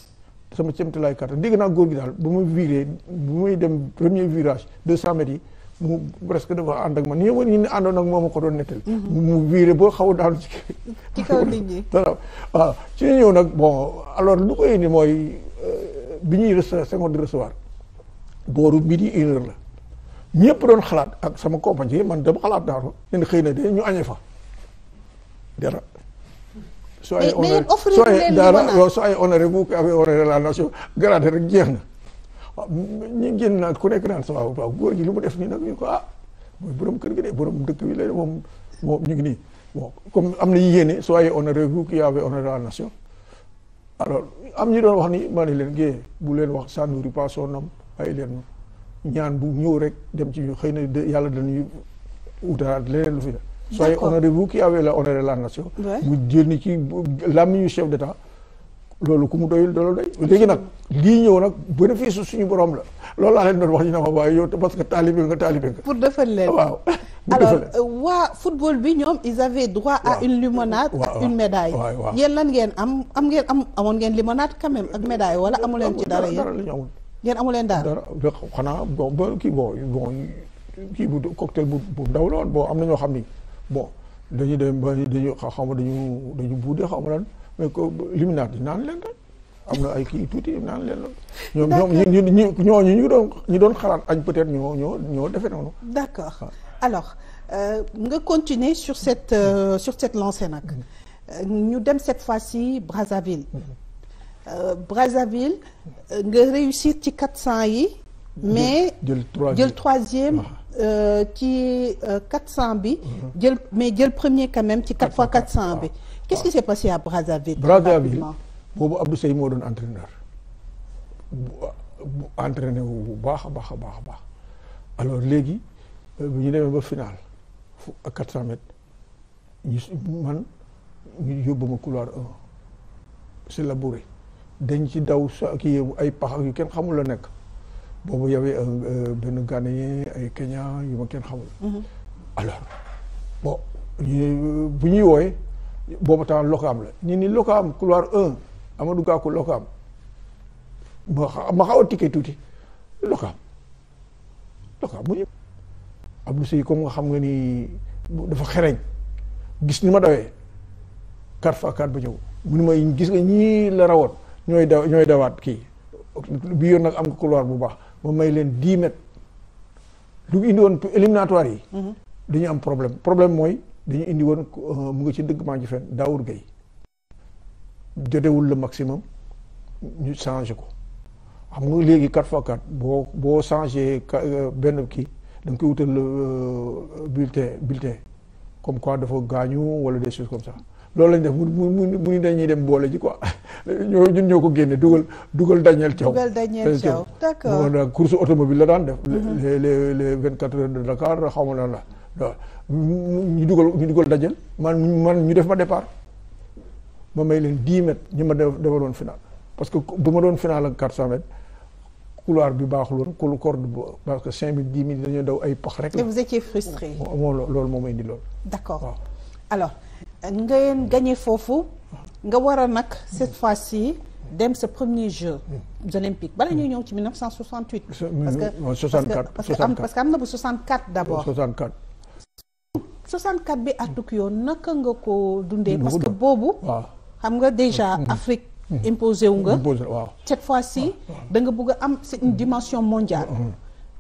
Speaker 3: sama cemtalaay kàttan dégg naa góor gi daal ba muy viré bu muy dem premier virage deux cent mètres yi mu presque dafa ànd ak man ñëw ñu ne ko doon nettali. Mhm. mu boo xaw a daanu *laughs* ñëw nag bon alors lu koy indi mooy euh, bi ñuy recevoir seconde di recevoir booru midi une heure la ñëpp doon xalaat ak sama compagnie man dama xalaat daal ne xëy na de ñu añee fa. dara. soo ay honoré soo ay dara soo ay honoré nation grade rek jeex na waaw ñu génn naan ku nekk naan sa waaw gi li mu def nii nag ñu ko ah mooy borom kër gi de dëkk bi la moom moom ñu ngi nii bon am na yéene soo ay honoré bu ki amee honoré la nation. alors am ñu doon wax ni ma ne leen bu leen wax ça nourrit pas son homme ay leen ñaan bu ñëw rek dem ci ñu xëy na yàlla dañuy lu fi. soyez honoré vous qui avez honoré la nation. mu jënd ci làmmiñu chef d'état loolu ku mu doyul loolu doy. léegi nag lii ñëw nag bénéfice suñu borom la loolu laa leen doon wax ñu ne ma waaye yow que taalibe nga taalibe nga.
Speaker 2: pour defal leen waaw. alors euh, waa football bi ñoom ils avaient droit à une limonade ak une médaille yéen lan ngeen am am ngeen am amoon ngeen limonade quand même ak médaille wala amu leen ci dara yéen dara la ñu leen dara
Speaker 3: xanaa bon ba kii bon bon kii bu cocktail bu bu ndaw la am na ñoo xam ni bon dañu dem ba dañu xaw ma dañu dañu buudee xaw ma lan mais que liminaat yi naan leen rek am na ay kii tuuti naan leen la. ñoom ñoom ñu ñu ñooñu ñu doon ñu doon xalaat añ peut-être ñoo ñoo ñoo defee noonu. d'accord ah.
Speaker 2: alors euh, nga euh, continuer sur cette euh, sur cette lancée nag. Mm-hmm. Euh, ñu dem cette fois-ci Brazzaville. Mm-hmm. Euh, Brazzaville euh, nga réussir ci 400 yi. mais jël troisième jël troisième. Ah. Euh, ci 400 euh, bi. Mhm. jël mais jël premier quand même ci 4 fois 400 bi. Ah. qu'est-ce qui s'est passé à Brazzaville. Brazzaville
Speaker 3: boobu Abdou Seye moo doon entraîneur. bu entraîné wu bu baax a baax a baax a baax alors léegi euh, bu ñu demee ba final fu ak 400 mètres ñu man ñu yóbbu ma couloir 1 dañ ci daw sa kii ay pax yu kenn xamul nekk. boobu yow euh, euh, benn Ghanéen ay Kényan yu ma kenn xamul. Mhm. alors bon bu ñuy wooye boobu temps Lokam la ñu ni Lokam couloir un Amadou Gakou Lokam ma ma xaw a tikkee tuuti Lokam Lokam mu xam nga ni dafa xereñ ni ma dawee quatre fois quatre ba ñëw gis nga ñii la rawoon ñooy daw ñooy dawaat kii bi yoon nag am nga couloir bu baax. ma may leen dix mètres lu indi woon éliminatoire yi. Mhm. dañu am problème problème mooy dañu indi woon euh, mu ngi ci dëgg maa ngi fen Daour Gueye jotewul le maximum ñu changé ko xam nga léegi quatre fois quatre boo boo changé euh, benn kii da koy wutal euh, bulletin bulletin comme quoi dafa gaañu wala des choses comme ça. loolu lañ def mu mu mu ni dañuy dem boole ji quoi *laughs* ñoo ñun ñoo ko génne dugal dugal Daniel Thiaw. dugal Daniel Thiaw d'accord moo daan course automobile la daan def. Mhm. les les vingt quatre heures de Dakar xaw ma lan la waaw ñu dugal ñu dugal Daniel man man ñu def ma départ ma may leen dix mètres ñi ma defaloon final parce que bu ma doon final ak quatre cent mètres. couloir bi baaxul woon kul corde bu parce que cinq mille dix mille dañoo daw ay pax rek. et vous
Speaker 2: étiez frustré.
Speaker 3: moom loolu moo may indi loolu.
Speaker 2: d'accord nga ngeen gagné foofu nga war a nag cette fois-ci dem sa premier jeu olympique bala ñuy ñëw ci 1968. parce que 64 parce que am parce que am na bu 64 d'abord. 64. 64 bi à Tokyo naka nga ko dundee. parce que boobu. xam nga déjà mm-hmm. Afrique. Mm-hmm. imposé wu nga. cette fois-ci da nga bëgg am c'est une mm-hmm. dimension mondiale.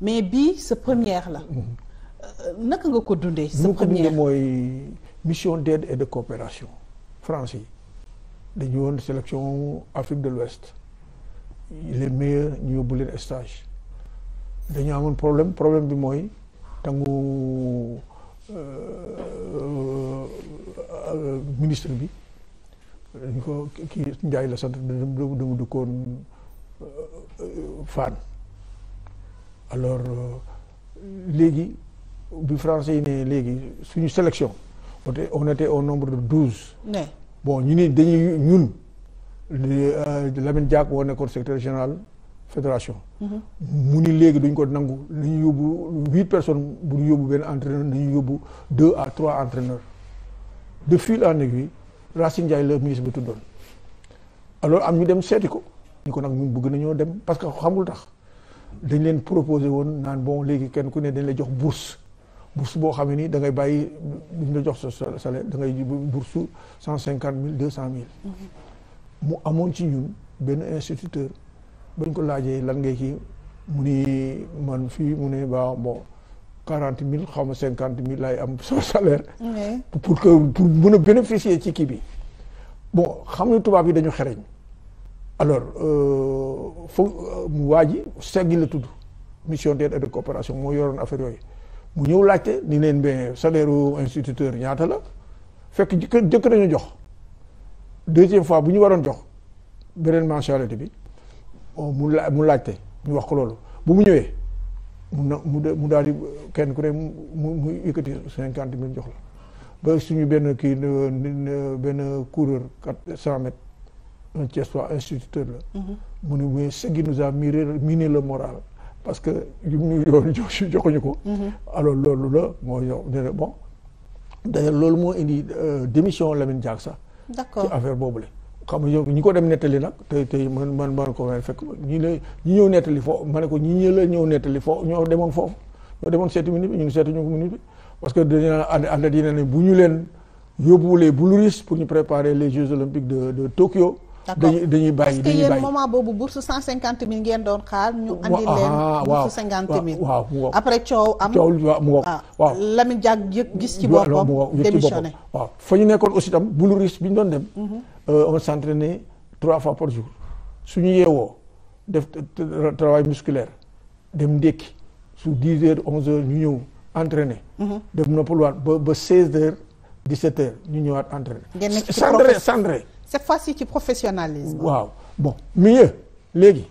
Speaker 2: mais bii sa première la. Euh, naka nga ko dundee. sa première
Speaker 3: mission d'aide de coopération France yi dañu woon sélection Afrique de l'Ouest les meilleurs ñu yóbbu leen stage dañu amoon problème problème bi mooy tangu euh, euh, ministre bi dañ ko kii Ndiaye la sant dama dëkkoon euh, Fann alors léegi bi français yi ne léegi suñu sélection on était au nombre de douze. ne bon ñu ni dañuy ñun euh, Lamine Diack woo nekkoon secrétaire général fédération. Mm-hmm. mu ni léegi duñ ko nangu nañu yóbbu huit personnes bu ñu yóbbu benn entraîneur nañu yóbbu deux à trois entraîneurs de fil en aiguille Racine Ndiaye la ministre bi tuddoon alors am ñu dem seeti ko. ñu ko nag ñun bëgg nañoo dem parce que xamul tax dañ leen proposé woon naan bon léegi kenn ku ne dañ la jox bourse. bourse boo xamee nii dangay bàyyi buñ la jox sa salaire da ngay bourse cent cinquante mille deux cent mille mu amoon ci ñun benn instituteur bañ ko laajee lan ngay kii mu ni man fii mu ne ba bon quarante mille xaw ma cinquante mille laay am *laughs* sa salaire pour que pour mën a bénéficier ci kii bi bon xam nga tubaab yi dañu xereñ alors euh, foog mu euh, waa ji seggi la tudd mission d'aide et de coopération moo yoroon affaire yooyu mu ñëw laajte ni leen ba salaire instituteur ñaata la fekk jëkk jëkk nañu jox deuxième fois bu ñu waroon jox beneen mensualité bi mu mu laajte ñu wax ko loolu bu mu ñëwee mu na mu daal di kenn ku ne mu mu yëkkati cinquante mille jox la ba suñu benn kii benn coureur quatre cent mètres un Thiessois instituteur la mhm. mu ne mais ce qui nous a miné parce que ñu yoon ñu ko. Mhm. alors loolu la moo yow ne bon d'ailleurs loolu moo indi euh, démission Lamine Diack sax. d'accord ci affaire boobu la. xam nga yow ñi ko dem nettali nag te te man man man ko fekk ñi la ñi ñëw nettali foofu ma ne ko ñi ñëw ñëw nettali foofu ñoo demoon foofu ñoo demoon seeti minute bi ñun seetuñu ko minute bi parce que dañu ànd ànd dina ne bu ñu leen yóbbuwulee bu lu risque pour ñu préparer les Jeux olympiques de de Tokyo.
Speaker 2: dañuy dañuy bàyyi dañuy bàyyi parce que yéen moment boobu bourse cent cinquante mille ngeen doon xaar. ñu andi ah, leen bourse cinquante mille. waaw waaw après coow am. coow mu ngoog ah, waaw Lamine Diack gis ci boppam démissionné.
Speaker 3: waaw fa ñu nekkoon aussi tam bulu riche bi ñu doon dem. Mhm. Euh, on s'entraînait trois fois par jour suñu yeewoo def travail musculaire dem ndékki su dix heures onze heures ñu ñëw entraîner. Mhm. dem noppaluwaat ba ba seize heures dix sept heures ñu ñëwaat entraîner.
Speaker 2: ngeen nekk ci professeur cette fois-ci ci professionnalisme.
Speaker 3: waaw bon mieux léegi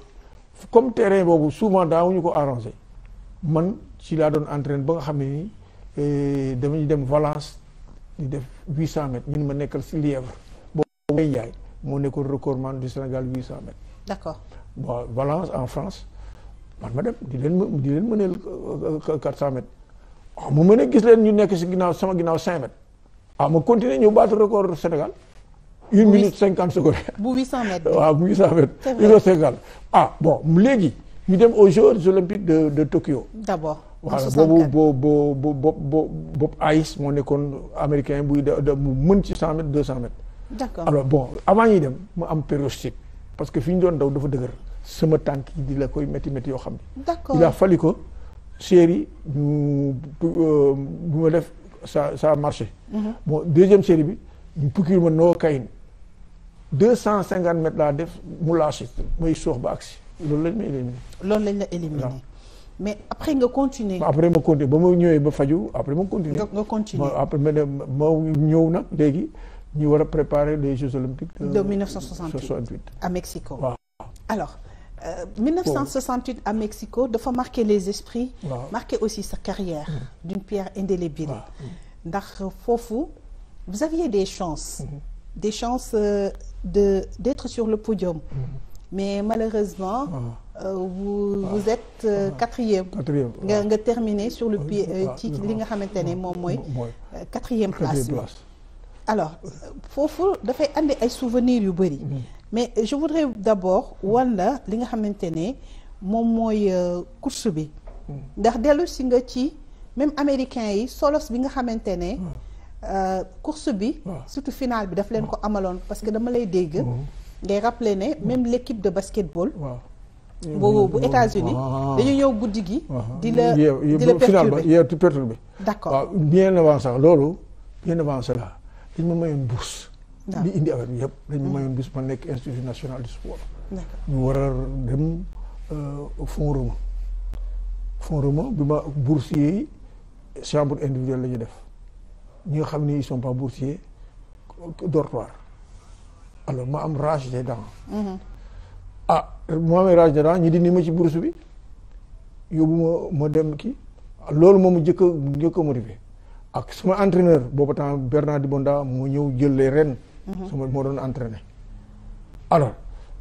Speaker 3: comme terrain boobu souvent daawuñu ko arrangé man ci laa doon entraîne ba nga xam ne nii eh, ñu dem Valence di def huit cent mètres ñun ma nekkal si Lièvre boobu may jaay moo nekkoon recordman du Sénégal huit cent mètres. d'accord bon en France man ma dem di leen di leen mëneel euh, euh, quatre cent ah, mu mën gis leen ñu nekk si ginnaaw sama ginnaaw cinq mètres ah ma continuer ñu baatu record Sénégal. une minute cinquante secondes. *laughs* bu
Speaker 2: huit cent mètres. waaw
Speaker 3: bu huit cent mètres. une minute cinquante ah bon léegi ñu dem aux Jeux olympiques de de Tokyo.
Speaker 2: d' abord voilà boobu
Speaker 3: bo bo bo bo Bob Hayes moo nekkoon américain buy de mu mën ci cent mètres deux cent mètres.
Speaker 2: d' accord alors bon
Speaker 3: avant ñuy dem mu am périostite parce que fi ñu doon daw dafa dëgër sama tànk yi di la koy métti métti yoo xam ne. d' accord il a fallu que série ñu euh, bu ma def ça ça a marché. Mm-hmm. bon deuxième série bi ñu procure ma noo kayin. deux cent cinquante mètres laa def mu lâché may soox ba agsi loolu lañ ma éliminé
Speaker 2: loolu lañ la éliminé mais après nga continuer après
Speaker 3: ma continuer ba ma ñëwee ba faju après ma continuer nga continuer après ma dem ma ñëw nag léegi ñu war a préparer les Jeux olympiques de 1968
Speaker 2: à Mexico waaw alors Euh, 1968 à Mexico dafa marqué les esprits wow. marqué aussi sa carrière mmh. d'une pierre indélébile ndax foofu vous aviez des chances mm-hmm. des chances euh, de d'être sur le podium. Mm -hmm. mais malheureusement. Ah. Euh, vous ah. vous êtes euh, ah. quatrième. nga ah. nga terminer sur le ah, pied euh, ci li nga xamante ne moom mooy. quatrième place bi alors foofu dafay andi ay souvenirs yu bëri. Mm-hmm. mais je voudrais d'abord wan la li nga xamante ne moom mooy course bi. Mm-hmm. ndax dellu si nga ci même américain yi solos bi nga xamante ne. Mm-hmm. Euh, course bi. surtout finale bi daf leen ko amaloon parce que dama lay dégg. ngay rappeler ne même l' de basketball. boobu bu États-Unis dañu ñëw guddi gi. di la di la perturbé yeew
Speaker 3: di perturbé. d' accord waaw bien avant sax loolu bien avant cela dañ ma mayoon bourse. li indi affaire bi yëpp dañ ma mayoon bourse ma nekk institut national du sport. ñu war a dem euh, fond Roma fond Roma bi ma boursier chambre individuelle la ñu def. ñu xam ni ils sont pas boursiers dortoir alors ma am rage des dents. Mhm. ah moo amee rage des dents ñi dindi ma ci bourse bi yóbbu ma ma dem kii loolu moom mu a njëkk a motivé ak suma entraîneur boobu temps Bernard Dibonda moo ñëw jëlee ren. Mhm. suma moo doon entraîné. alors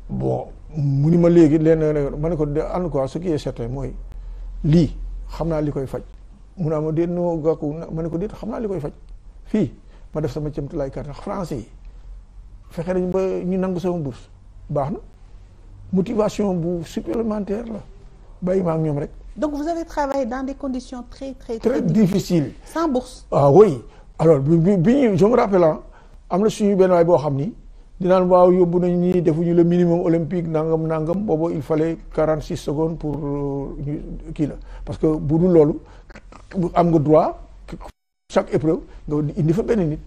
Speaker 3: bon mu ni ma léegi lenn ma ne ko de en quoi ce qui certain mooy lii xam naa li koy faj. mu ne ah ma déet noo gàkku ma ne ko déet xam naa li koy faj. fii ma def sama cëmtulaay kàttan français yi fexe nañ ba ñu nangu sama bourse baax na motivation bu supplémentaire la bàyyi ma ñoom rek.
Speaker 2: donc vous avez travaillé dans des conditions très très. très, très difficiles sans bourse.
Speaker 3: ah oui alors bi bi ñu je me am na suñu benn waay boo xam ni dinaan waaw yóbbu nañ ñii defuñu le minimum olympique nangam nangam boobu il fallait quarante six secondes pour euh, kii la parce que bu dul loolu am nga droit. chaque épreuve nga indi fa benn nit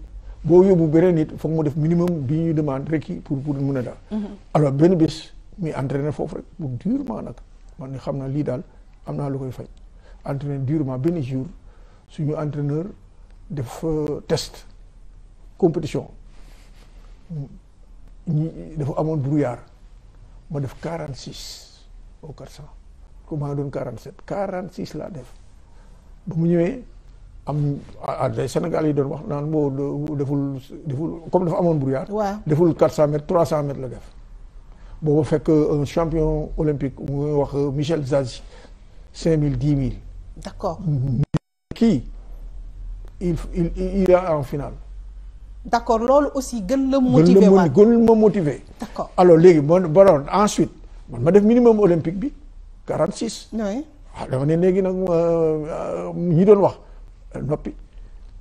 Speaker 3: boo yóbbu beneen nit foog mu def minimum bi ñuy demande requis pour pour mun a daal mm-hmm. alors benn bés muy entraîné foofu rek bu durement nag man xam na lii daal am naa lu koy faj entraîné durement benn jour suñu entraîneur def euh, test compétition ñi dafa amoon brouillard ma def quarante six au quatre cent ko maa ngi doon quarante sept quarante six laa def ba mu ñëwee am ay Sénégal yi doon wax naan boo deful deful comme dafa amoon brouillard. waaw deful quatre cent mètres trois cent mètres la def. booba fekk un champion olympique mu wax euh, Michel Zazi cinq mille dix mille. d'accord mm-hmm. kii il il il a
Speaker 2: en loolu aussi gën la motiver waat
Speaker 3: gën ma motiver. d'accord alors léegi man baroon ensuite man ma def minimum olympique bi quarante six. oui ah, dama ne léegi nag euh, euh, ñi doon wax. Euh, noppi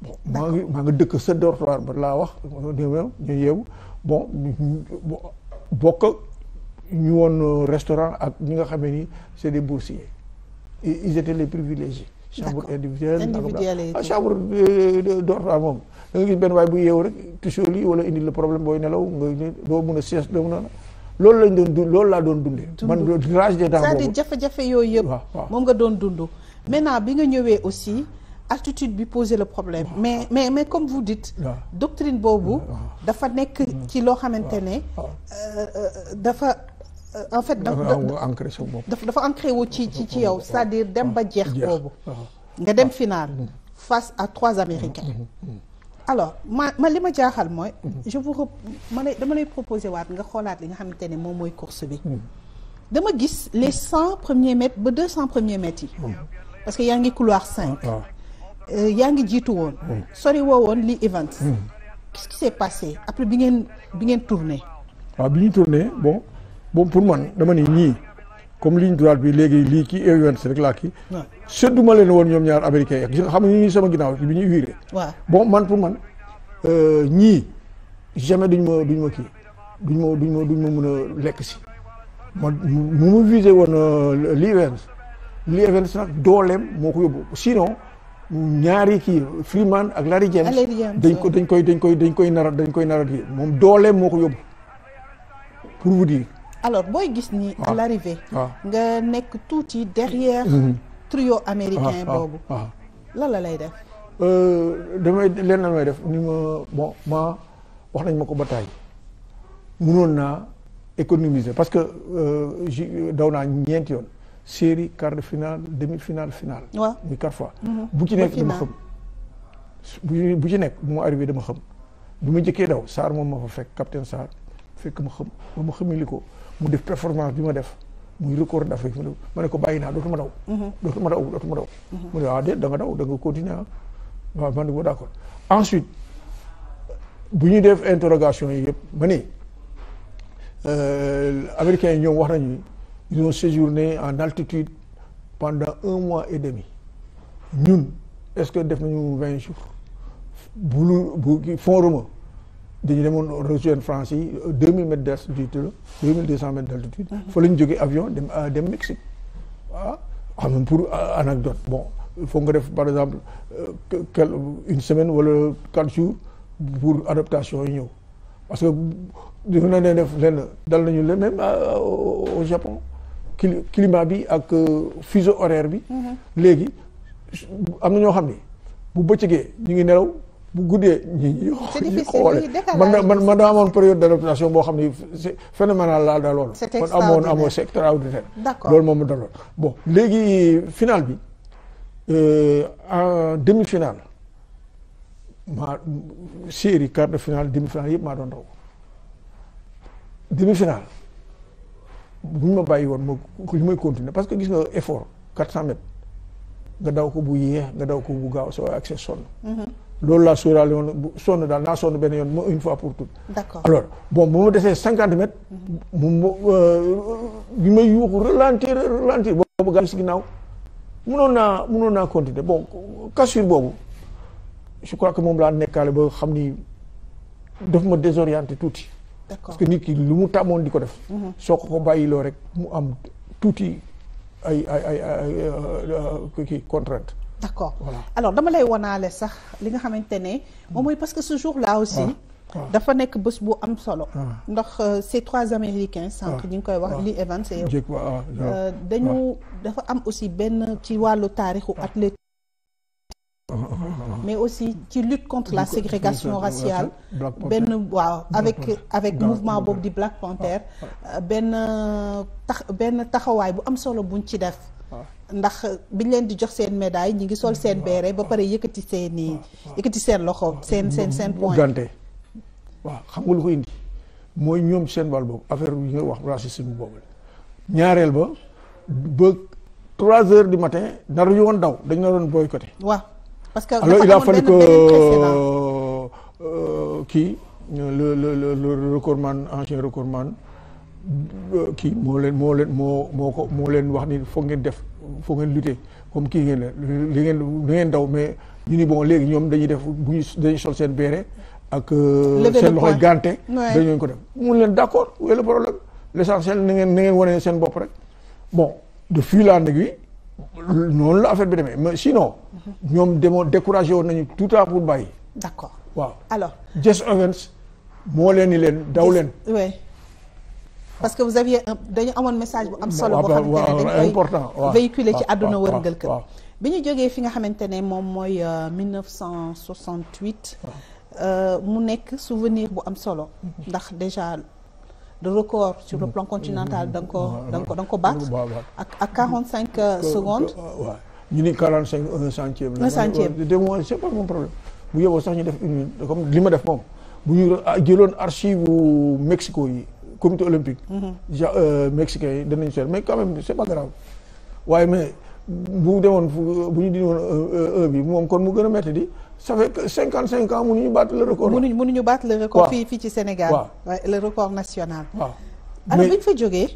Speaker 3: bon maa ngi maa ngi dëkk sa dortoir ba laa wax ñu yeewu bon bokk ñu woon euh, restaurant ak ñi nga xamee ni c'est des boursiers ils étaient les privilégiés chambre individuelle ah chambre euh, dortoir moom da gis benn waay bu yeewu rek toujours lii wala indi la problème booy nelaw nga doo mun a sies doo mun a
Speaker 2: loolu lañ doon loolu laa doon
Speaker 3: dundee man rage des dents boobu
Speaker 2: cest à moom nga doon dund maintenant bi nga ñëwee aussi altitude bi poser la problème mais mais mais comme vous dites doctrine boobu dafa nekk mm. ci loo xamante ne euh, euh, dafa euh, en fait dafa dafa ancré ci ci ci yow c'est-à-dire dem ba jeex boobu nga dem final mm. face à trois américains mm. alors ma ma li ma jaaxal mooy je vous ma lay dama lay proposer waat nga xoolaat li nga xamante ne moom mooy course bi dama gis les cent premiers mètres ba deux cent premiers mètres yi parce que yaa ngi couloir cinq Euh, yaa ngi jiitu woon. sori woo woon li event. qu'est-ce qui s'est passé après bi ngeen bi ngeen tourné. waaw ah, bi ñu
Speaker 3: tourné bon bon pour man dama ne ñii comme ligne droite bi léegi lii kii event rek laa kii. waaw sedduma woon ñoom ñaar américain yi ak xam nga ñii sama ginnaaw bi ñu wiire. waaw bon man pour man euh, ñii jamais duñ ma duñ ma kii duñ ma duñ ma ma mën a lekk si. ma mu ma visé woon euh, li event li event nag dooleem moo ko yóbbu ñaari kii Freeman ak Larry James dañ ko dañ koy dañ koy dañ koy nara dañ koy nara di moom doole moo ko yóbbu pour vous dire
Speaker 2: alors booy gis nii ah. à l'arrivée ah. nga nekk tuuti derrière mm-hmm. trio américain ah, boobu lan lay def
Speaker 3: euh, damay leen la may def ni ma bon ma wax nañ ma ko ba tàyyi mënoon naa économiser parce que euh, daw naa ñeenti yoon série quart de finale demi finale finale. waaw muy quatre fois. Mhm. bu ci nekk dama xam. bu bu ci nekk bu ma arrivé dama xam bu ma njëkkee daw Sarr moom ma fa fekk capitaine Sarr fekk ma xam ba ma xamili ko mu def performance bi ma def muy record d'Afrique ma ne ko bàyyi naa dootuma daw. Mhm. dootuma daw dootuma daw. Mhm. mu ne ah déet da nga daw da nga continuer ah waaw man de ensuite bu ñuy def interrogation yi yëpp ma ni euh, américains ñoom wax nañu. ils ont séjourné en altitude pendant un mois et demi ñun est-ce que def nañu vingt jours bulu bu fond Roma dañu demoon rejoindre France yi deux mille mètres d'altitude deux mille deux cent mètres d'altitude mm-hmm. fa lañu joge jógee avion dem euh, dem Mexique ah xam nga pour euh, anecdote bon il nga def par exemple euh, quel une semaine wala quatre jours pour adaptation yi ñëw parce que dina ne def lenn dal nañu le même au Japon climat bi ak euh, fuseau horaire bi. Mhm. léegi am na ñoo xam ne bu bëccëgee ñu ngi nelaw bu guddee ñi ñi xoole man man man daa amoon période d'adaptation boo xam ne c'est phénoménal laa da loolu man amoon moom da loolu léegi finale bi euh, en demi-finale maa série quart de finale demi-finale yëpp maa doon raw demi-finale bu ma bàyyi woon ma li may continuer parce que gis nga effort 400 mètres nga daw ko bu yéex nga daw ko bu gaaw soo accès sonn. Mhm. loolu laa sóoraale woon bu sonn daal naa sonn benn yoon mo une fois pour tout. d'accord alors bon bu ma desee 50 mètres. Mhm. mu ma li euh, may yuuxu ralentir ralentir boobu gaaw si ginnaaw mënoon naa mënoon naa continuer bon cassure boobu je crois que moom laa nekkaale ba xam ni daf ma désorienté tuuti. parce que nit ki lu mu tàmmoon di ko def. Mhm. soo ko ko bàyyiloo rek mu am tuuti ay ay ay euh, euh, kii contrainte.
Speaker 2: d' alors dama lay wonaale sax li nga xamante ne mm. moom mooy parce que ce jour là aussi. Ah, ah. dafa nekk bés bu am solo. Ah. ndax euh, ces trois américains sànq ñu ngi koy wax Lee Evans et dañu dafa am aussi benn ci wàllu taarixu athlète. mais aussi ci lutte contre la ségrégation raciale benn waaw avec avec mouvement boobu di Black ah. Panther ah. Euh, benn euh, tax benn taxawaay bu am solo buñ ci def ah. ndax euh, biñ leen di jox seen médaille ñi ngi sol seen beere ba pare yëkkati seen i yëkkati seen loxo seen seen seen point gante
Speaker 3: waaw xam nga lu ko indi mooy ñoom seen wàll boobu affaire yi nga wax racisme boobu ñaareel ba ba trois heures du matin naruñu woon daw dañ la doon boycotté
Speaker 2: waaw parce que alors il a fallu que
Speaker 3: kii euh, le le le le recordman ancien recordman kii euh, moo leen moo leen moo moo ko moo leen wax ni foog ngeen def foog ngeen lutter comme kii ngeen ne li ngeen li ngeen daw mais ñu ni bon léegi ñoom dañuy def bu ñu dañuy sol seen béere ak euh, seen loxoy gante dañooñu ko def mun leen d'accord où est le problème l'essentiel na ngeen na ngeen wane seen bopp rek bon de fil en aiguille noonu la affaire bi demee mais sinon ñoom demoo découragé woon nañu tout à pour bàyyi. d' accord waaw alors. Jess Evans moo leen ni leen daw leen.
Speaker 2: oui parce que vous aviez dañu amoon message bu am solo. boo xamante ne dañ koy véhiculer ci àdduna wërngël kër. bi ñu jógee fi nga xamante ne moom mooy 1968. Euh, euh, mu nekk souvenir bu am solo. ndax déjà de record sur le plan continental mm-hmm. da mm-hmm. ko da ko da ko battre. Mm-hmm. ak ak 45 euh, secondes.
Speaker 3: ñu ni quarante cinq un centième la. un centième de moi c'est pas mon problème. bu yóbboo sax ñu def une li ma def moom bu ñu ah, jëloon archive bu Mexico yi comité olympique. Mm-hmm. ja euh, mexicain yi danañ seet mais quand même c'est pas grave. waaye mais bu demoon bu ñu dindi woon euh, euh, bi moom kon mu gën a métti di ça fait que cinquante cinq ans
Speaker 2: mënuñu battre le record. record. fii fii ci Sénégal. le record national. alors bi ñu fa jógee.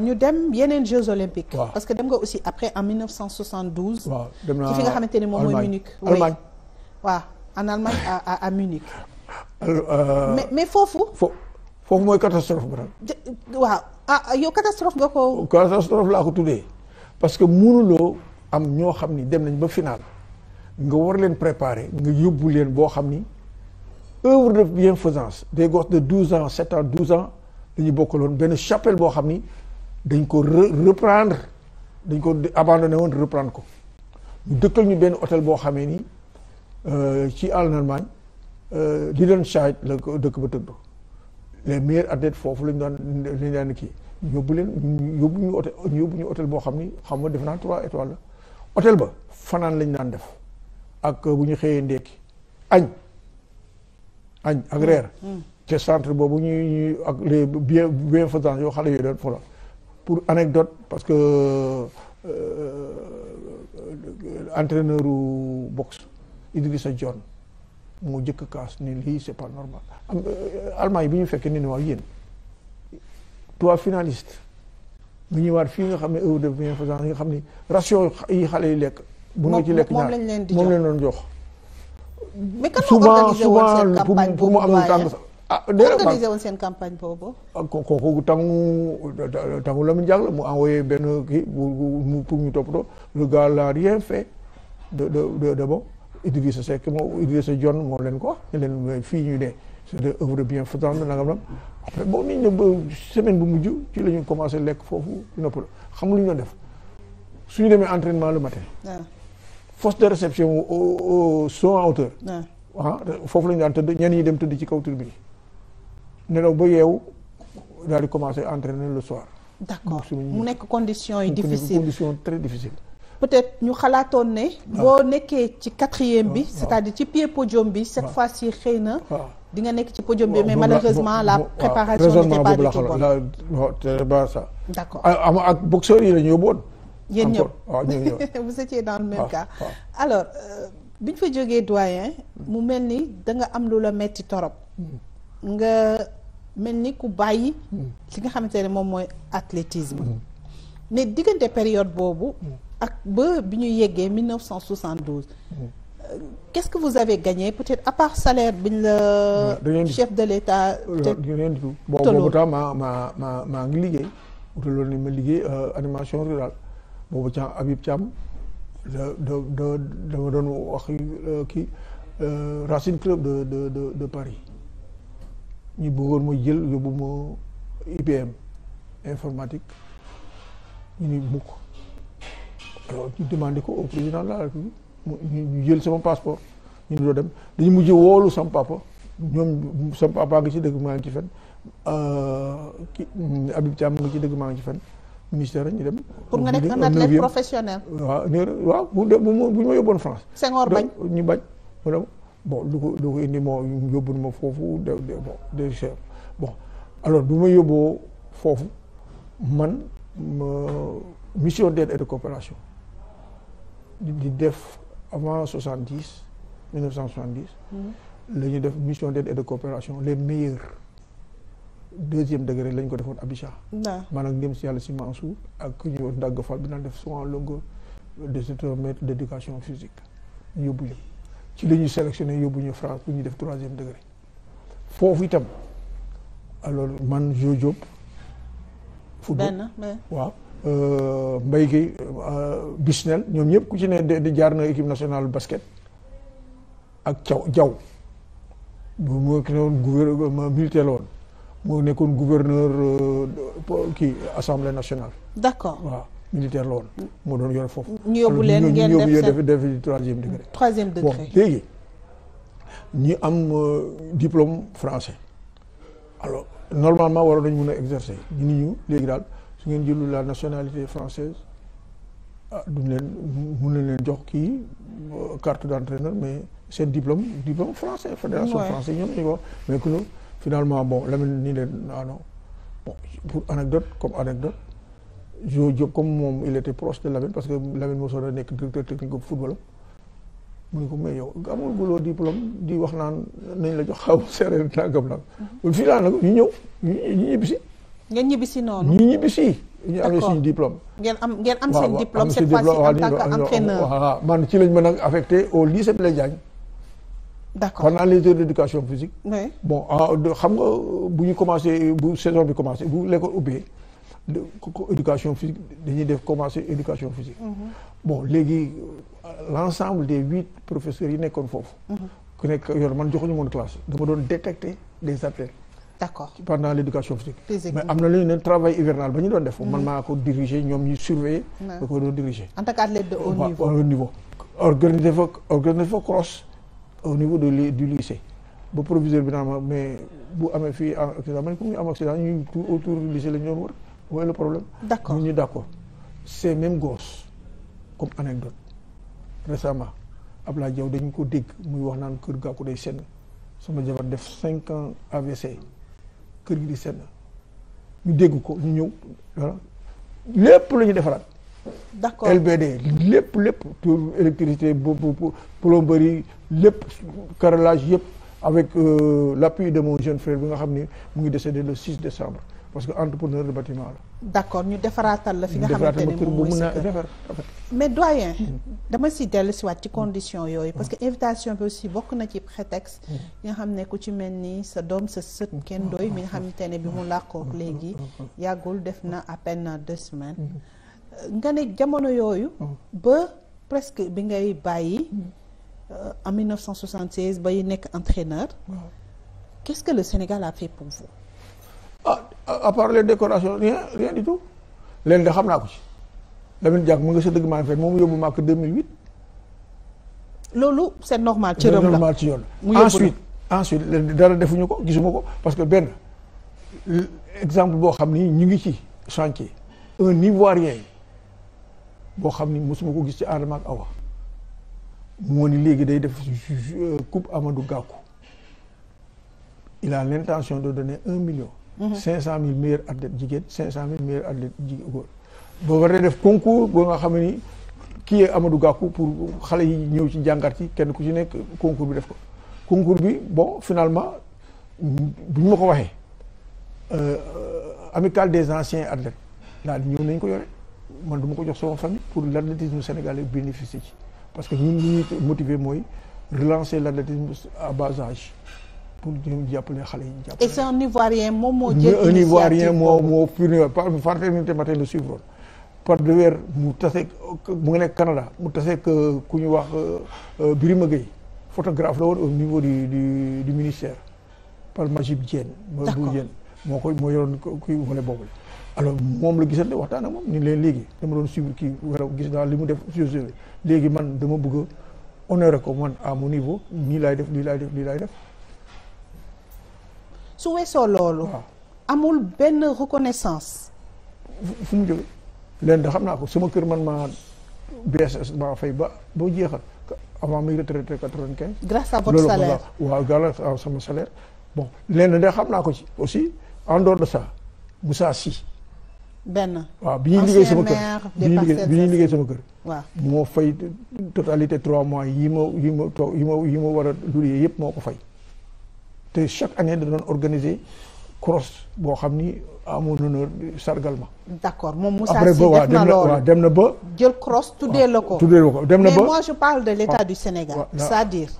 Speaker 2: ñu dem yeneen Jeux olympiques. parce que dem nga aussi après en 1972. waaw dem naa ci fi nga xamante ne moom mooy Munich. Allemagne waaw en Allemagne à Munich.
Speaker 3: Euh, mais foofu. foofu mooy catastrophe ba
Speaker 2: nag. waaw ah, ah yow catastrophe nga ko.
Speaker 3: catastrophe laa ko tuddee parce que mënuloo am ñoo xam ni dem nañ ba final nga war leen préparer nga yóbbu leen boo xam ni œuvre de bienfaisance des gosses de 12 ans 7 ans 12 ans. dañu bokkaloon benn chapelle boo xam ni dañ ko reprendre dañ ko abandonné woon reprendre ko ñu dëkkal ñu benn hôtel boo xamee ni euh, ci en Allemagne euh, di doon Scheid la ko dëkk ba tëdd les meilleurs athlètes foofu lañu daan lañu daan kii yóbbu leen yóbbu ñu hôtel yóbbu ñu hôtel boo xam ni xam nga def naa trois étoiles la hôtel ba fanaan lañu daan def ak bu ñu xëyee ndékki añ añ ak reer mm, mm. ca centre boobu ñuy ñuy ak les bien bienfaisance yoo xale yooyu doon folo pour anecdote parce que euh, entraîneur u boxe Idrissa John moo jëkk kaas ni lii c'est pas normal euh, Allemagne bi ñu fekkee ni ne waaw yéen trois finalistes mu ñëwaat fii nga xam ne eau yi xam ne ration yi xale yi lekk bu nga ci lekk ñaar moom lañ leen doon jox
Speaker 2: mais souvent souvent
Speaker 3: pour mu am tàng de déedéet organisé
Speaker 2: woon seen campagne boobu.
Speaker 3: Ah, kooku tangu tangu Lamine Diack la mu envoyé benn kii mu pour ñu toppatoo le gars là rien fait de de de de bon Idrissa Seck moo Idrissa John moo leen ko leen fii ñu ne c'est de œuvre bienfaisante nangam après bon nit ñi semaine bu mujj la ñu commencé lekk foofu noppaloo xam lu ñu doon def su demee entraînement le matin. Ah. force de réception au au son en ah. ah foofu la ñu daan tëdd ñenn ñi dem tëdd ci kaw tribune nelaw ba yeewu daal di commencer entraîner le soir. d'accord mu nekk
Speaker 2: condition yi difficile
Speaker 3: condition très difficile.
Speaker 2: peut-être ñu xalaatoon ne. Ah. boo nekkee ci quatrième bi. Ah. c'est-à-dire ci pied podium bi. cette ah. fois-ci xëy na. di nga nekk ci podium bi mais malheureusement la préparation n'était pas du tout
Speaker 3: la d'accord am ak boxeurs yi la ñu yóbbuwoon. yéen ñëpp waaw
Speaker 2: *laughs* vous dans le même alors euh, bi ñu fa jógee doyen. mu mel ni danga am lu la metti torop
Speaker 4: hmm.
Speaker 2: nga. mel ni ku bàyyi mm. li nga xamante ne moom mooy athlétisme mm. mais diggante période boobu mm. ak ba bi ñu yeggee 1972 euh, qu'est-ce que vous avez gagné peut-être à part salaire bi ñu la chef de l'État euh,
Speaker 3: leen ditu bon boobu temps maa maa maa ngi liggéey utaloon ni ma liggéey euh, animation rural boobu Thiam Habib Thiam de de dama doon wax kii Racine Club de de de de Paris ñu bëggoon ma jël yóbbu ma IPM informatique ñu ni mukk ñu demandé ko au président la République ñu jël sama passeport ñu ni doo dem dañu mujj woolu sama ñoom sama papa nga ci dëgg maa ngi ci fen euh, Habib Thiam nga ci dëgg maa ngi ci fen ministère ñu dem. pour nga nekk un athlète
Speaker 2: professionnel.
Speaker 3: waaw bu ñu bu ma yóbboon France. Senghor bañ ñu bañ mu dem. bon lu ko lu ko indi moo yóbbu ma foofu de de bon de chef bon alors bu ma yóbboo foofu man ma mission d'aide et de coopération di def avant soixante dix mille neuf mhm. ñu def mission de et de coopération les meilleurs deuxième degré la ko defoon Abidjan. maanaam dem si yàlla si Mansour ak ku ñuy wax Ndagga Fall bi daan def souvent longue de sept metre d' éducation physique yóbbu yëpp. ci la ñuy sélectionné yóbbu ñu France pour ñu def troisième degré foofu itam alors man Jo Diop. football waaw. Euh, Mbaye Guèye euh, Bisnel ñoom ñëpp ku ci ne di jaar na équipe nationale basket ak Thiaw Diaw moo nekkoon gouverneur euh, militaire la woon moo nekkoon gouverneur kii assemblée nationale. d'accord militaire la woon. moo doon yore foofu. ñu yóbbu leen ngeen def ñu yóbbu def def troisième degré. troisième degré am euh, diplôme français alors normalement waroon nañu mun a exercer ñu ni ñu léegi daal su ngeen jëlu la nationalité française ah duñ leen mun leen jox kii euh, carte d'entraîneur mais seen diplôme diplôme français fédération française mais que finalement bon Lamine ni leen ah non bon pour anecdote comme anecdote Jo Diop comme moom il était proche de Lamine parce que Lamine moo soon a nekk directeur technique bu football mu ne ko mais yow amul guloo diplôme di wax naan nañ la jox xaw séeréer nangam mhm. nag. kon fii daanaka ñu ñëw ñu ñu ñibbisi.
Speaker 2: ngeen ñibbisi noonu. ñu ñibbisi.
Speaker 3: ñu amee suñu diplôme.
Speaker 2: ngeen am ngeen am seen diplôme cette fois-ci en tant qu'entraîneur
Speaker 3: man ci lañ mën a affecté au lycée Blaise Diagne. d'accord pendant les heures d'éducation physique. bon ah, xam nga bu ñu commencé bu saison bi commencé bu l'école ubbee. éducation physique dañuy def commencer éducation physique. Mm-hmm. bon léegi l' ensemble des huit professeurs yi nekkoon foofu. Mm-hmm. ku nekk yoon man jox joxuñu woon classe dama doon détecter des appels. d' accord pendant l' éducation physique. mais am na lu ñu ne travail hivernal ba ñu doon def. Mm-hmm. man maa ko diriger ñoom ñu surveiller. da ko doon diriger.
Speaker 2: en tant qu'athlète de haut niveau
Speaker 3: waaw haut niveau. fa organiser fa cross au niveau du lycée. ba proviseur bi naan ma mais bu amee fii en accident man ku ñu am la ñu Où est le problème D'accord. Nous sommes d'accord. C'est même gosse, comme anecdote. Récemment, Abdoulaye Diaw dañ ko dégg muy wax naan kër gaa ko day senn sama jabar def cinq ans AVC kër gi di senn ñu dégg ko ñu ñëw voilà lépp la ñu defaraat. d'accord LBD lépp lépp pour électricité boobu plomberie lépp carrelage yëpp avec euh, l'appui de mon jeune frère bi nga xam ni mu ngi décédé le 6 décembre. parce que entrepreneur de bâtiment la.
Speaker 2: d' accord ñu defaraatal la fi nga xamante ne moom mooy sa kër mais doyen. Hmm. dama si dellu si waat ci condition yooyu. parce que hmm. invitation bi aussi bokk na ci prétexte. Hmm. nga xam ne ku ci mel ni sa doom sa sët kenn doy mi nga xamante ne bi mu làkkoo léegi yàggul def na à peine deux semaines. Euh, nga ne jamono yooyu. ba presque bi ngay bàyyi. Euh, en 1976 bay nekk entraîneur. qu' est ce que le Sénégal a fait pour vous. ah à part
Speaker 3: les décorations rien rien du tout leen de xam naa ko ci Lamine Diack mu nga sa dëgg maa ngi fay moom yóbbu maak 2008.
Speaker 2: loolu c'est normal ci yoon normal ci yoon ensuite
Speaker 3: ensuite dara defuñu ko gisuma ko parce que benn exemple boo xam ni ñu ngi ci chantier un ivoirien boo xam ni mosuma ko gis ci Adama ak Awa moo ni léegi day def coupe Amadou Gakou il a l'intention de donner un million Mhm. cinq cent mille meilleurs athlètes jigéen cinq cent mille meilleurs athlètes jigéen góor boo war def concours boo nga xam ni kii Amadou Gakou pour xale yi ñëw ci jàngat yi kenn ku ci nekk concours bi def ko concours bi bon finalement bu ñu ma ko waxee euh, amicale des anciens athlètes daal ñëw nañ ko yore man du ma ko jox soo famille pour l' athlétisme sénégalais bénéficier ci parce que ñun li ñuy motiver mooy relancer l' à basage pour ñu jàppale xale yi
Speaker 2: jàppale. moom moo jël initiative un Ivoirien moo
Speaker 3: moo pur par fraternité matin le suivre de weer mu tase mu ngi nekk Canada mu tase euh, ku ñu wax euh, euh, Birima Gueye photographe la woon niveau di du du ministère par Majib Diène. d' accord moo koy moo yoroon kuy volet boobu la. alors moom la gisante waxtaan ak moom ni leen léegi dama doon suivre kii wala gis naa li mu def léegi man dama bëgg a honorer ko man à mon niveau nii laay def nii laay def lii laay def.
Speaker 2: su weesoo loolu. Ah. amul benn reconnaissance. fu mu jógee
Speaker 3: leen da xam naa ko suma kër man maa BSS maa fay ba boo jeexal avant muy retraité quatre-vingt-quinze.
Speaker 2: grâce à votre salaire
Speaker 3: waaw grâce à sama salaire bon leen de xam naa ko ci aussi en dehors de ça Moussa Sy. benn waaw bi ñuy liggéey sama kër bi ñuy liggéey bi ñuy liggéey sama kër. waaw moo fay totalité trois mois yi ma yi ma toog yi ma yi ma war a dul yëpp moo ko fay. te chaque année da doon organiser cross boo xam ni amoon honneur sargal ma.
Speaker 2: d'accord moom Moussa Sy def na loolu après dem na ba. jël cross tuddee la ko. Ah, mais moi je parle de l'état ah. du Sénégal. cest dire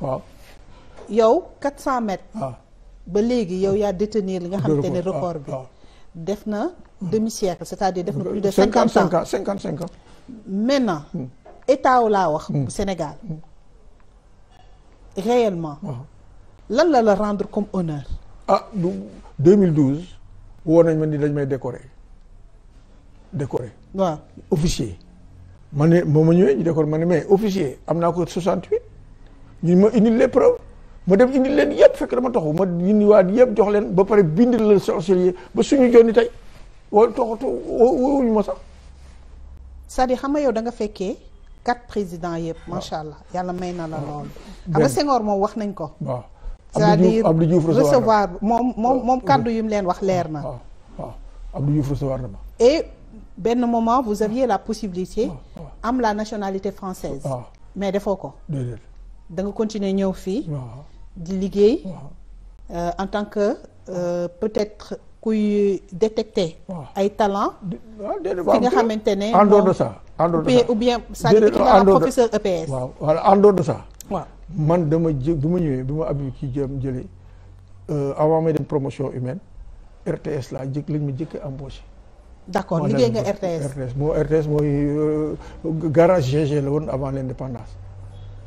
Speaker 2: yow 400 mètres. Ah. ba léegi yow yaa détenir li nga xamante ne record bi. def na demi siècle c'est-à-dire def na plus de. 50 ans
Speaker 3: 55 ans.
Speaker 2: maintenant hmm. état laa wax. Hmm. Sénégal hmm. réellement. lan la la rendre comme honneur.
Speaker 3: ah du 2012. woo nañ ma ni dañ may décoré décoré. waaw officier. ma ne moo ma ñëwee ñu décoré ma ne mais officier am naa ko 68. ñu ma indil les preuves ma dem indil leen yëpp fekk dama taxu ma indiwaat yëpp jox leen ba pare bind la sorcellerie ba suñu jonni tey
Speaker 2: woo toxatu woowuñu ma sax. c'est-à-dire xam nga yow da nga fekkee. quatre présidents yëpp. macha allah yàlla may na la loolu. xam nga Senghor moom wax nañ ko. waaw
Speaker 4: c'est-à-dire Abdou Diouf recevoir
Speaker 2: moom moom moom kàddu yu leen wax leer na. waaw ah,
Speaker 3: ah, ah.
Speaker 2: et benn moment vous aviez la possibilité. am la nationalité française mais defoo ko. déedéet da nga continuer ñëw fii. di liggéey. Euh, en tant que euh, peut-être kuy détecter. ay talent fi nga xamante ne en de ça.
Speaker 3: en de ça ou bien cest à de ça. man dama jë bi ma ñëwee bi ma ab kii jëm jëlee euh, avant may dem promotion humaine RTS laa jëkk lañ ma jëkk embauché. d' accord liggéey nga RTS RTS moo RTS mooy euh, garage GG la woon avant l' indépendance.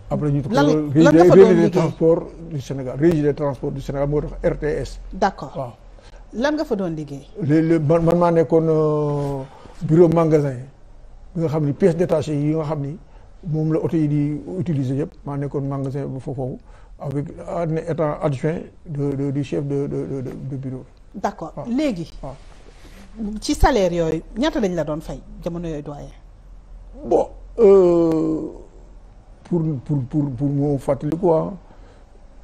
Speaker 3: après ñu. lan la fa doon liggéey régie des du Sénégal régie des transports du Sénégal moo tax RTS.
Speaker 2: d' accord waaw. lan nga fa doon liggéey.
Speaker 3: léeg-léeg man man nekkoon euh, bureau magasin yi nga xam ni pièces détachées yi nga xam ni. moom la oto yi di utiliser yëpp maa nekkoon magasin bu foofu avec en étant adjoint de du chef de de de de bureau.
Speaker 2: d'accord ah. léegi. Ah. ci salaire yooyu ñaata lañ la doon fay jamono yooyu doyen. bon euh,
Speaker 3: pour pour pour pour moo fàttali quoi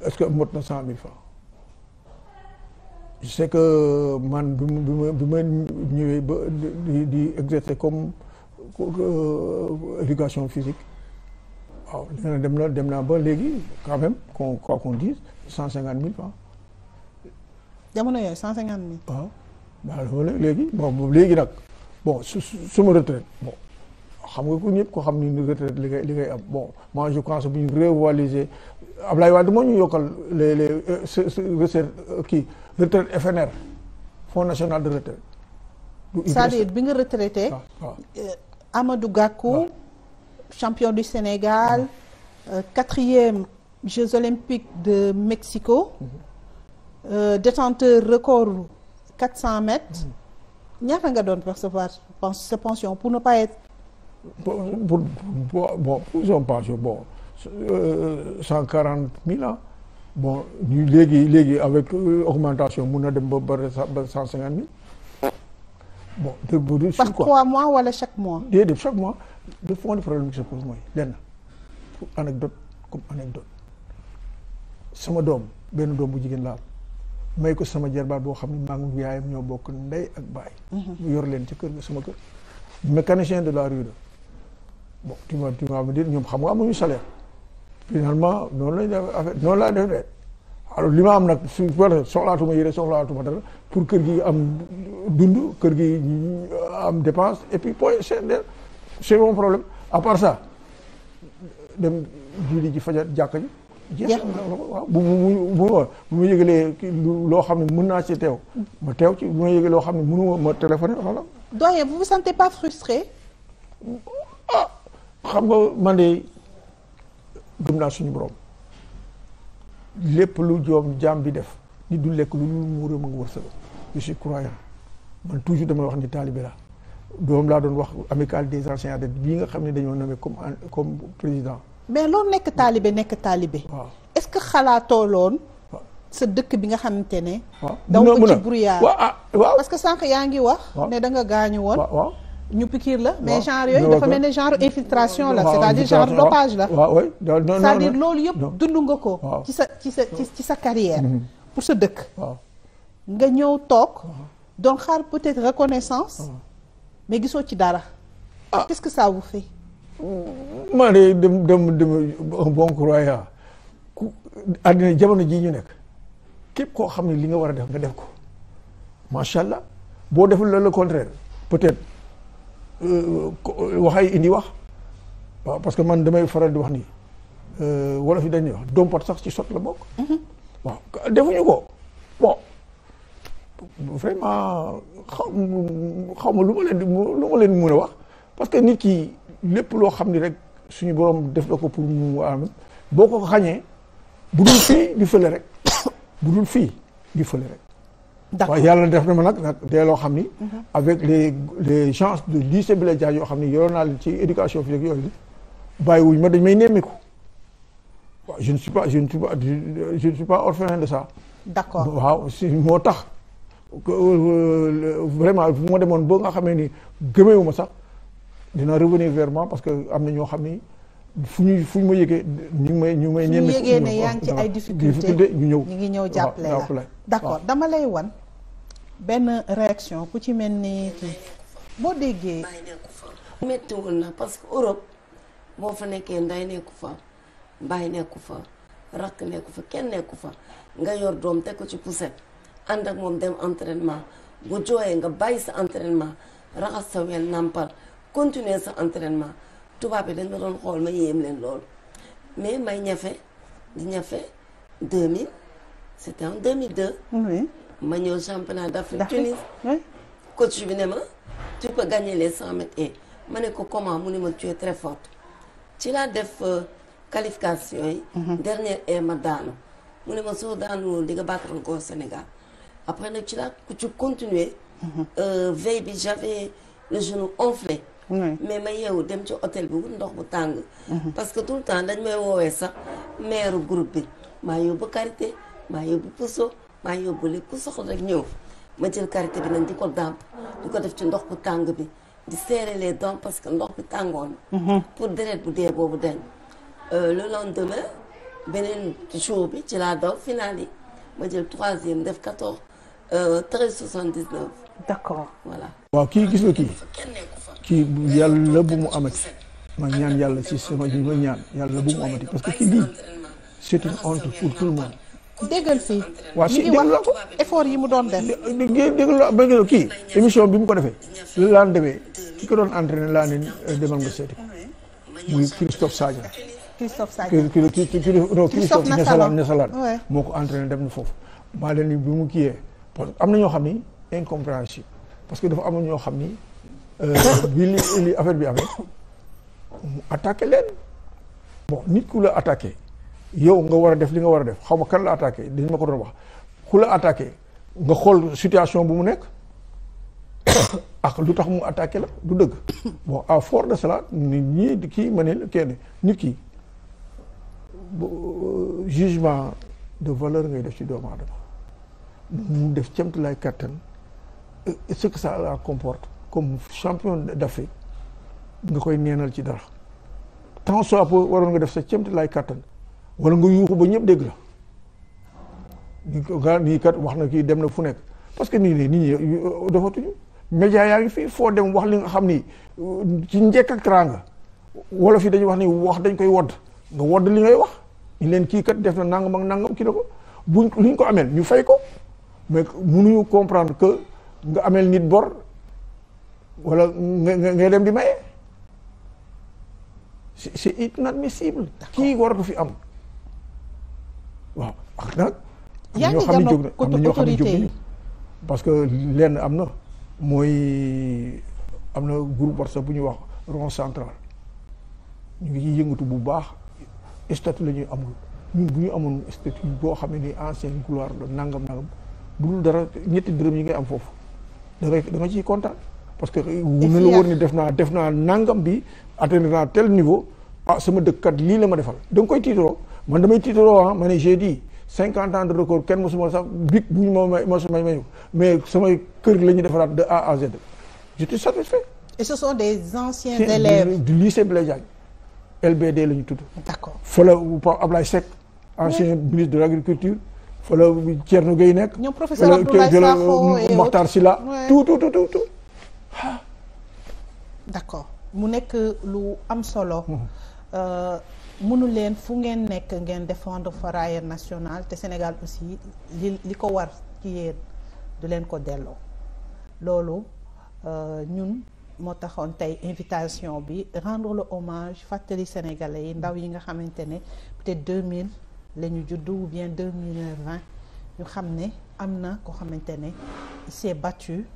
Speaker 3: est-ce que mot na cent mille francs. je sais que man bi ma bi ma ñëwee ba di di exercer comme euh, éducation fisique waaw dem na dem naa ba léegi quand même qu'on quoi cent cinquante mille francs
Speaker 2: jamono yooyu cent cinquante mille waaw
Speaker 3: daal léegi bon boobu léegi nag bon su suma retraite bon xam nga ko ñëpp ko xam ni retraite li am bon moi je bu ñu révaliser Ablaye Wade moo ñu yokkal les les euh, recettes euh, kii retraite FNR Fonds national de retraite
Speaker 4: cest à bi
Speaker 2: nga retraité euh, Amadou Gakou champion du Sénégal euh, quatrième Jeux olympiques de Mexico euh, détenteur record 400 mètres ñaata nga doon percevoir sa pension pour ne pas être bon
Speaker 3: pour son pension bon euh, cent quarante mille ans bon ñu léegi léegi avec augmentation mun na dem ba ba cent cinquante mille bon par trois
Speaker 2: mois wala chaque mois
Speaker 3: déedéet chaque mois le fond du problème qui se pose mooy lenn pour anecdote comme anecdote sama doom benn doom bu jigéen laal may ko sama jarbaat boo xam ne maa ngi yaayam ñoo bokk ndey ak baay. Mhm. mu yor leen ci kër gi sama kër. mécanicien de la rue de bon tu vois tu vois me dire ñoom xam nga amuñu salaire. finalement noonu lañ def affaire noonu laa def de alors li ma am nag su soxlaatuma yére soxlaatuma dara pour kër gi am dund kër gi am dépense et puis point c'est c'est mon problème à sa ça dem julli ji fajar jàkka ji. jeex bu mu bu mu yëgalee loo xam ne mun naa ci teew. ma teew ci bu ma yëgalee loo xam ne mënuma ma téléphoné voilà.
Speaker 2: doyen vous vous sentez pas frustré. ah
Speaker 3: xam nga man de gëm naa suñu borom lépp lu joom jaam bi def. nit du lekk lu mu muur a mu wërsëg. je suis croyant man toujours damay wax ni taalibe la doom laa doon wax amicale des anciens de bii nga xam ne dañoo nommé comme comme président.
Speaker 2: mais loo nekk taalibe nekk taalibe. waaw est que xalaatoo loon. sa dëkk bi nga xamante ne.
Speaker 3: waaw
Speaker 4: daw ko ci brouillard ah,
Speaker 2: waaw parce que sànq yaa ngi wax. ne da nga gaañu woon. ñu pikiir la mais genre yooyu dafa mel ne genre infiltration la c'est-à-dire genre dopage la. waaw oui loolu yëpp dundu nga ko. ci sa ci sa ci sa carrière. Mm-hmm. pour sa dëkk. nga ñëw toog. doon xaar peut-être reconnaissance. mais gisoo ci dara. ah qu'est-ce que ça vous fait.
Speaker 3: maa de dem dem dem un bon croyant àddina jamono jii ñu nekk képp koo xam ne li nga war a def nga def ko macha allah boo deful la le contraire peut-être euh, waxay indi wax waaw parce que man damay faral di wax nii ni euh, wolof yi dañuy wax dompat sax ci sot la bokk. Mm-hmm. waaw defuñu ko vraiment xaw xaw ma lu ma leen di lu ma leen mën a wax parce que nit ki lépp loo xam ni rek suñu borom def na ko pour mu am boo ko xañee bu dul fii di fële rek bu dul fii di fële rek. d'accord waaye yàlla def na ma nag nag dee loo xam ni. Mhm. avec les les gens de lycée Blaise Diagne yoo xam ni yoroon naa leen ci éducation physique yooyu ma dañ may nemmiku waaw je ne suis pas je de ça. waaw si moo tax. vraiment bu ma demoon ba nga xamee ni gëmeewu ma sax dina revenir vers parce que am na ñoo xam ni fu ñuy fu ñu ma yëgee ñu ngi may ñu may ñenn fu ñu yëgee ne yaa ngi ñëw ñu ngi
Speaker 2: ñëw jàppale la d'accord dama lay wan benn réaction ku ci mel
Speaker 1: ni kii boo déggee méttiwul na parce que Europe boo fa nekkee nday nekku fa bàyyi nekku fa rakk nekku fa kenn nekku fa nga yor doom te ko ci poussette ànd ak moom dem entraînement bu jooyee nga bàyyi sa entraînement raxas sa wel nàmpal continuer sa entrainement tubaab bi dañ ma doon xool ma yéem leen loolu mais may ñafe di ñafe 2000 c'était en 2002. oui ma ñëw championnat d'Afrique Tunis. coach bi ne ma tu peux gagner les 100 ma ne ko comment mu ne ma tu es très forte ci laa def euh, qualification yi. Mhm. dernière et ma daanu mu ne ma soo daanu di nga battre koo Sénégal. après nag ci laa ci continuer euh, veille bi j'avais le genou enflé mais ma yeewu dem ci hôtel bi wut ndox bu tàng mhm. parce que tout le temps dañ may woowee sax maire groupe bi maa yóbbu karité maa yóbbu puso maa yóbbu lépp ku soxla rek ñëw ma jël karité bi nag di ko damp di ko def ci ndox bu tàng bi di serrer les dents parce que ndox bi tàngoon mhm. pour deret bu dee boobu dañ euh, le lendemain beneen jour bi ci laa daw final yi ma jël troisième def quatorze 13 79.
Speaker 2: d'accord
Speaker 3: waaw kii gis nga kii kii yàlla bu mu amati ma ñaan yàlla ci sama ji ma ñaan yàlla bu mu amati parce que kii lii c'est une honte tout le monde.
Speaker 2: déggal si dégg la ko effort yi mu doon def.
Speaker 3: dégg la kii émission bi mu ko defee la laan demee ki ko doon entraîné laa ne demal nga seeti ko muy Christophe Sadio.
Speaker 2: Christophe Sadio Christophe
Speaker 3: Nassalan Christophe Nassalan moo ko entraîné dem na foofu maa leen bi mu kiiyee. am na ñoo xam ni incompréhensible parce que dafa amoon ñoo xam ni euh, *coughs* bi li affaire bi amee mu attaqué leen bon nit ku la attaqué yow nga war a def li nga war a def xaw ma kan la attaqué dañ ma ko doon wax ku la attaqué nga xool situation bu mu nekk *coughs* ak lu tax mu attaque la du dëgg bon à force de cela nit ñi kii ma ne kenn nit ki euh, jugement de valeur ngay def ci doomu aadama mu def cemtulaay kattan euh, ce kattan ça la comporte comme champion d'Afrique nga koy neenal ci dara tant soit peu waroon nga def sa cemtulaay kattan wala nga yuuxu ba ñëpp dégg la ni ko ga nii kat wax na kii dem na fu nekk parce que nii nii nit ñi euh, dafatuñu média yaa ngi fii foo dem wax li nga xam ni euh, ci njekk ak teraanga wolof yi dañuy wax ni wax dañ koy wodd nga wodd li ngay wax ñu leen kii kat def na nangam ak nangam kii na ko buñ luñ ko amee ñu fay ko mais mënuñu comprendre que nga amel nit bor wala nga ngay dem di maye c'est inadmissible kii waratu fi am waaw wax nag yaa ngi jamono côté autorité yi parce que lenn am na mooy am na groupe WhatsApp bu ñuy wax rond central ñu ngi ciy yëngatu bu baax statut la ñuy amul ñun bu ñu amoon statut boo xam ne ni ancienne gloire la nangam nangam bu dul dara ñetti dërëm yi ngay am foofu da ngay da nga parce que wu na la war ni def naa def naa nangam bi atteindre naa tel niveau ah sama dëkkat lii la ma defal da nga koy tiitaroo man damay tiitaroo ah ma ne j'ai dit cinquante ans de record kenn mosuma sax big bu ñu ma ma mosuma ma mais samay kër la ñuy defaraat de A à Z j'étais satisfait
Speaker 2: et ce sont des anciens élèves
Speaker 3: du lycée Blaise Diagne LBD la ñu tudd d'accord fa la Ablaye Seck ancien ministre de l'agriculture fa la Thierno Gueye nekk. ñoom professeur Abdoulaye Sakho et Mokhtar Sylla
Speaker 2: tout tout tout tout mu nekk lu am solo. mënu euh, leen fu ngeen nekk ngeen défendre faraaya national te Sénégal aussi li li ko war ci yéen du leen ko delloo loolu euh, ñun moo taxoon tey invitation bi rendre le hommage fàttali sénégalais yi ndaw yi nga xamante ne peut-être 2000. la ñu judd ou bien deux mille vingt ñu xam ne am na ko xamante ne il s'est battu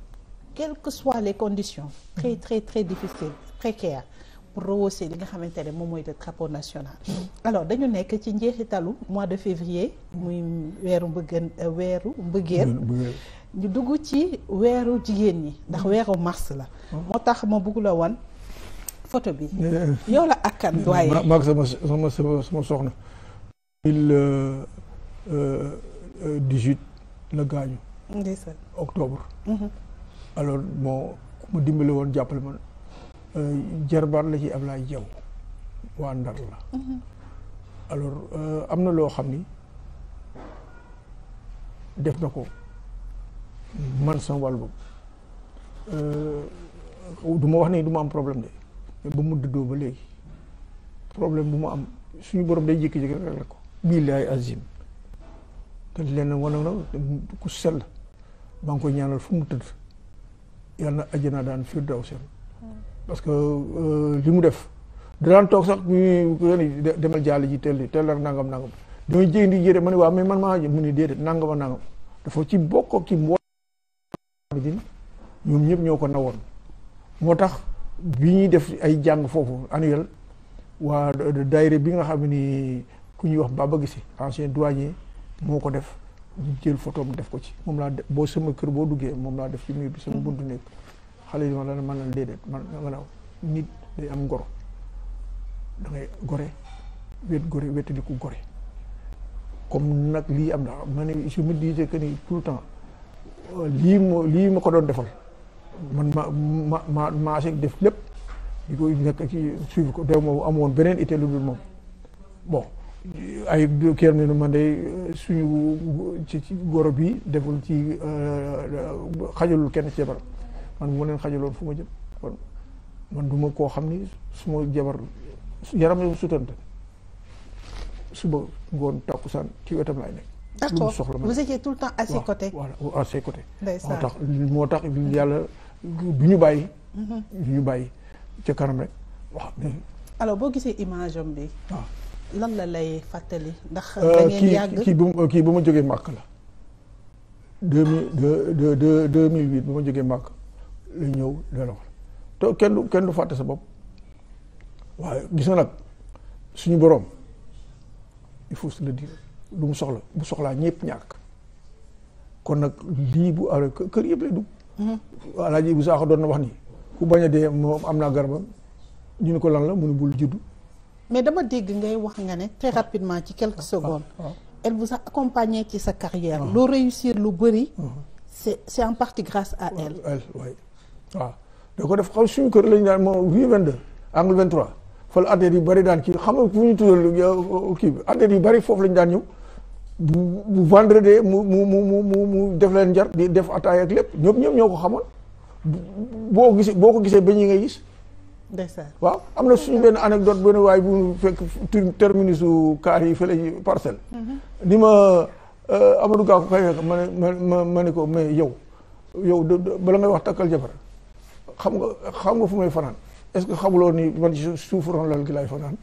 Speaker 2: quelles que soient les conditions très mm-hmm. très très difficiles précaires pour rehausser li nga xamante ne moom mooy de drapeau national alors dañu nekk ci njeexitalu mois de février muy weeru euh, mbëggeen weeru mbëggeel ñu dugg ci weeru jigéen ñi ndax mm-hmm. weeru mars la mm-hmm. moo tax ma bëgg la wan photo bi eh, eh. yow la akkan waaye maa
Speaker 3: sama sama sama soxna mille euh, euh, euh, dix-huit la gaañu octobre mhm. alors bon ku ma dimbale woon jàppale man jarbaat la ci Ablaye Diaw waa Ndar la mhm. alors am na loo xam ni def na ko man sama wàll boobu wax ne du ma am problème de ba mu dëddoo ba léegi problème bu ma am suñu borom day jékki-jékki rek la billaay azim te lenn wane na ku sell maa koy ñaanal fu mu tëdd yal na naa daan firdaws parce que euh, li mu def da daan toog sax ñu demal jàll ji tel tel ak nangam nangam dama jéy di jëre ma ne waaw mais man maa mu ne déedéet nangama nangam dafa ci bokk ci mbooloo din ñoom ñëpp ñoo ko nawoon moo tax bi ñuy def ay jàng foofu annuel waa daayira bi nga xam ni ku ñuy wax Baba Gissé ancien douanier moo ko def jël photo mu def ko ci moom laa def boo sama kër boo duggee moom laa def ci mur bi sama mm-hmm. buntu nekk xale yi ma la man la déedéet man man nit day am ngor gore wet gore wetali ku nag lii am na ma ne je me disais que tout temps euh, lii moo lii ma ko doon defal man ma ma ma maase def lépp di koy nekk ci suivre ko dew ma amoon beneen été lu dul moom ay kii am nañu man de suñu ci ci goro bi deful ci euh, xajalul kenn ci jabar man bu ma leen xajaloon fu ma jëm kon man du ma koo xam ni su ma jabar yaram yow sutante suba ngoon takkusaan ci wetam laay nekk. d'accord vous soxla tout le temps à ses côtés. voilà à ses côtés. moo tax moo tax yàlla du ñu bàyyi. Mm-hmm. du ñu bàyyi ca kanam rek wax.
Speaker 2: boo gisee image am bi. lan la lay fàttali. ndax euh, da ngeen yàgg kii
Speaker 3: bu kii bu ma jógee màkk la. deux mille deux deux bu ma jógee màkk la ñëw delloo te kenn du kenn du fàtte sa bopp waaye gis nga nag suñu boroom il faut se le dire lu mu soxla bu soxlaa ñëpp ñàkk kon nag lii bu ara kër yëpp lay dugg. Mm-hmm. alaaji bu saax doon na wax ni ku bañ a dee moom am naa garabam ñu ne ko lan la mu ne bul juddu.
Speaker 2: mais dama dégg ngay wax nga ne très rapidement ci quelques ah, secondes ah, ah. elle vous a accompagné ci sa carrière loo réussir lu bëri mm-hmm. c'est c'est en partie grâce a elle
Speaker 3: elle waaw da ko def xam suñu kër lañu daan moom rue 22 angle 23 fa la atteet yi bëri daan kii xam nga fu ñu tuddal euh, euh, kii bi atteet bëri foofu lañu daan ñëw bu vendredi mu mu mu mu mu def leen njar di def ataay ak lépp ñoom ñoom ñoo ko xamoon boo gisee boo ko gisee bañ ñu ngay gis ndeysaan waaw am na suñu benn anecdote benn waaye bu fekk terminus su kaar yi mhm. ni ma euh, Amadou Gakou kay ma ne ma ma ne ko mais yow yow bala ngay wax takkal jabar xam nga xam nga fu may fanaan est-ce que xamuloo ni man suufu ronlal gi laay fanaan.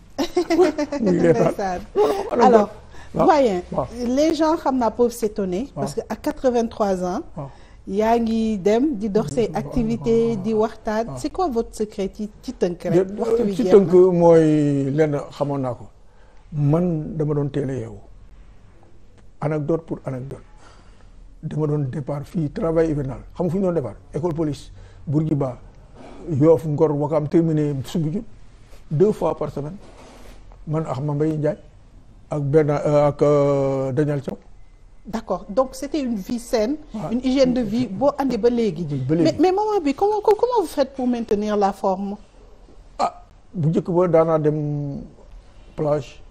Speaker 2: *laughs* ndeysaan alors voyez les gens xam naa peuvent s'étonner parce que à 83 yaa ngi dem di dox say activité di waxtaan c'est quoi votre secret ci ci tënk rek waxtu wi ci tënk
Speaker 3: mooy lenn xamoon naa ko man dama doon teel a yeewu anecdote pour anecdote dama doon départ fii travail hivernal xam nga fu ñu doon départ école police Bourguiba Yoff Ngor Wakam terminé Soumbédioune deux fois par semaine man ak Mbaye Ndiaye ak benn euh, ak euh, Daniel Thiaw
Speaker 2: d'accord donc c'était une vie saine. Ah, une hygiène de vie boo andi ba léegi. mais mais maman bi comment comment vous faites pour maintenir la forme. ah bu njëkk ba daanaa dem
Speaker 3: plage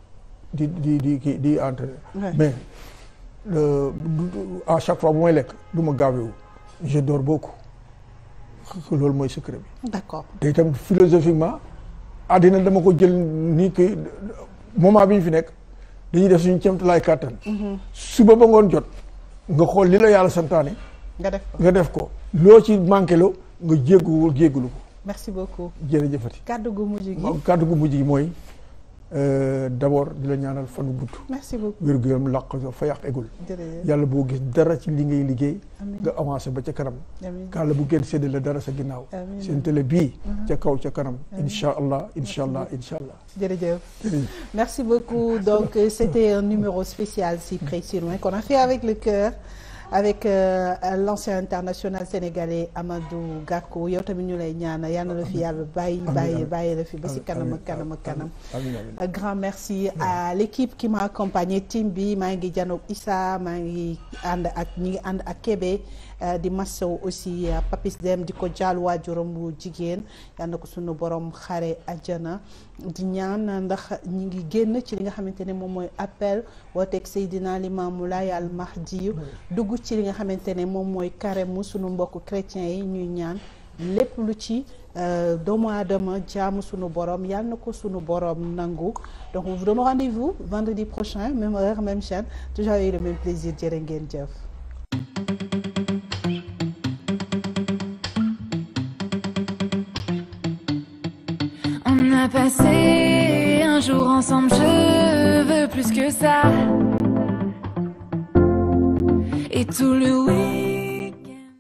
Speaker 3: di di di di di entraîner. mais à chaque fois bu may lekk du ma gaawewu je dors beaucoup loolu mooy secret
Speaker 2: bi. d'accord
Speaker 3: te itam philosophiquement àddina dama ko jël nii que moment bi ñu fi nekk. dañuy def suñu cem cemtalaay kàttan suba ba ngoon jot nga xool li la yàlla santaane nga def ko nga def ko loo ci manqué loo nga jéggu jéggulu ko
Speaker 2: merci beaucoup jërëjëfati kàddu gu mujj gi kàddu
Speaker 3: gu mujj gi mooy Euh, d' abord di la ñaanal fanu gudd. merci beaucoup wér gu yaram làq fa yàlla boo gis dara ci li ngay liggéey. nga avancé ba ca kanam. yàlla bu génn séddale dara sa ginnaaw. seen télé bii. Mhm. ca kaw ca kanam. incha allah incha allah incha allah.
Speaker 2: jërëjëf merci beaucoup donc c' était un numéro spécial si près si loin qu' on a fait avec le cœur. avec euh, l'ancien international sénégalais Amadou Gakou yow tamit ñu lay ñaana yal na fi yàlla bàyyi bàyyi bàyyi la fi ba si kanam ak kanam ak kanam grand merci à l'équipe qui m'a accompagné team bi maa ngi janoog Issa maa ngi ànd ak ñi ngi ànd ak kebe Eh, di massaw aussi eh, Papis di ko jaal waajuram wu jigéen yal na ko sunu boroom xare ajana di ñaan ndax ñi ngi génn ci li nga xamante ne moom mooy appel wooteeg Seydina Limaamu Laay al Mahdi dugg ci li nga xamante ne moom mooy mu sunu mbokku chrétiens yi ñuy ñaan lépp lu ci eh, doomu aadama jaamu sunu borom yal na ko sunu borom nangu donc on vous donne rendez-vous vendredi prochain même heure même chaîne toujours eu le même plaisir jërë ngeen jëf
Speaker 1: On a passé un jour ensemble, je veux plus que ça.
Speaker 4: Et tout le oui.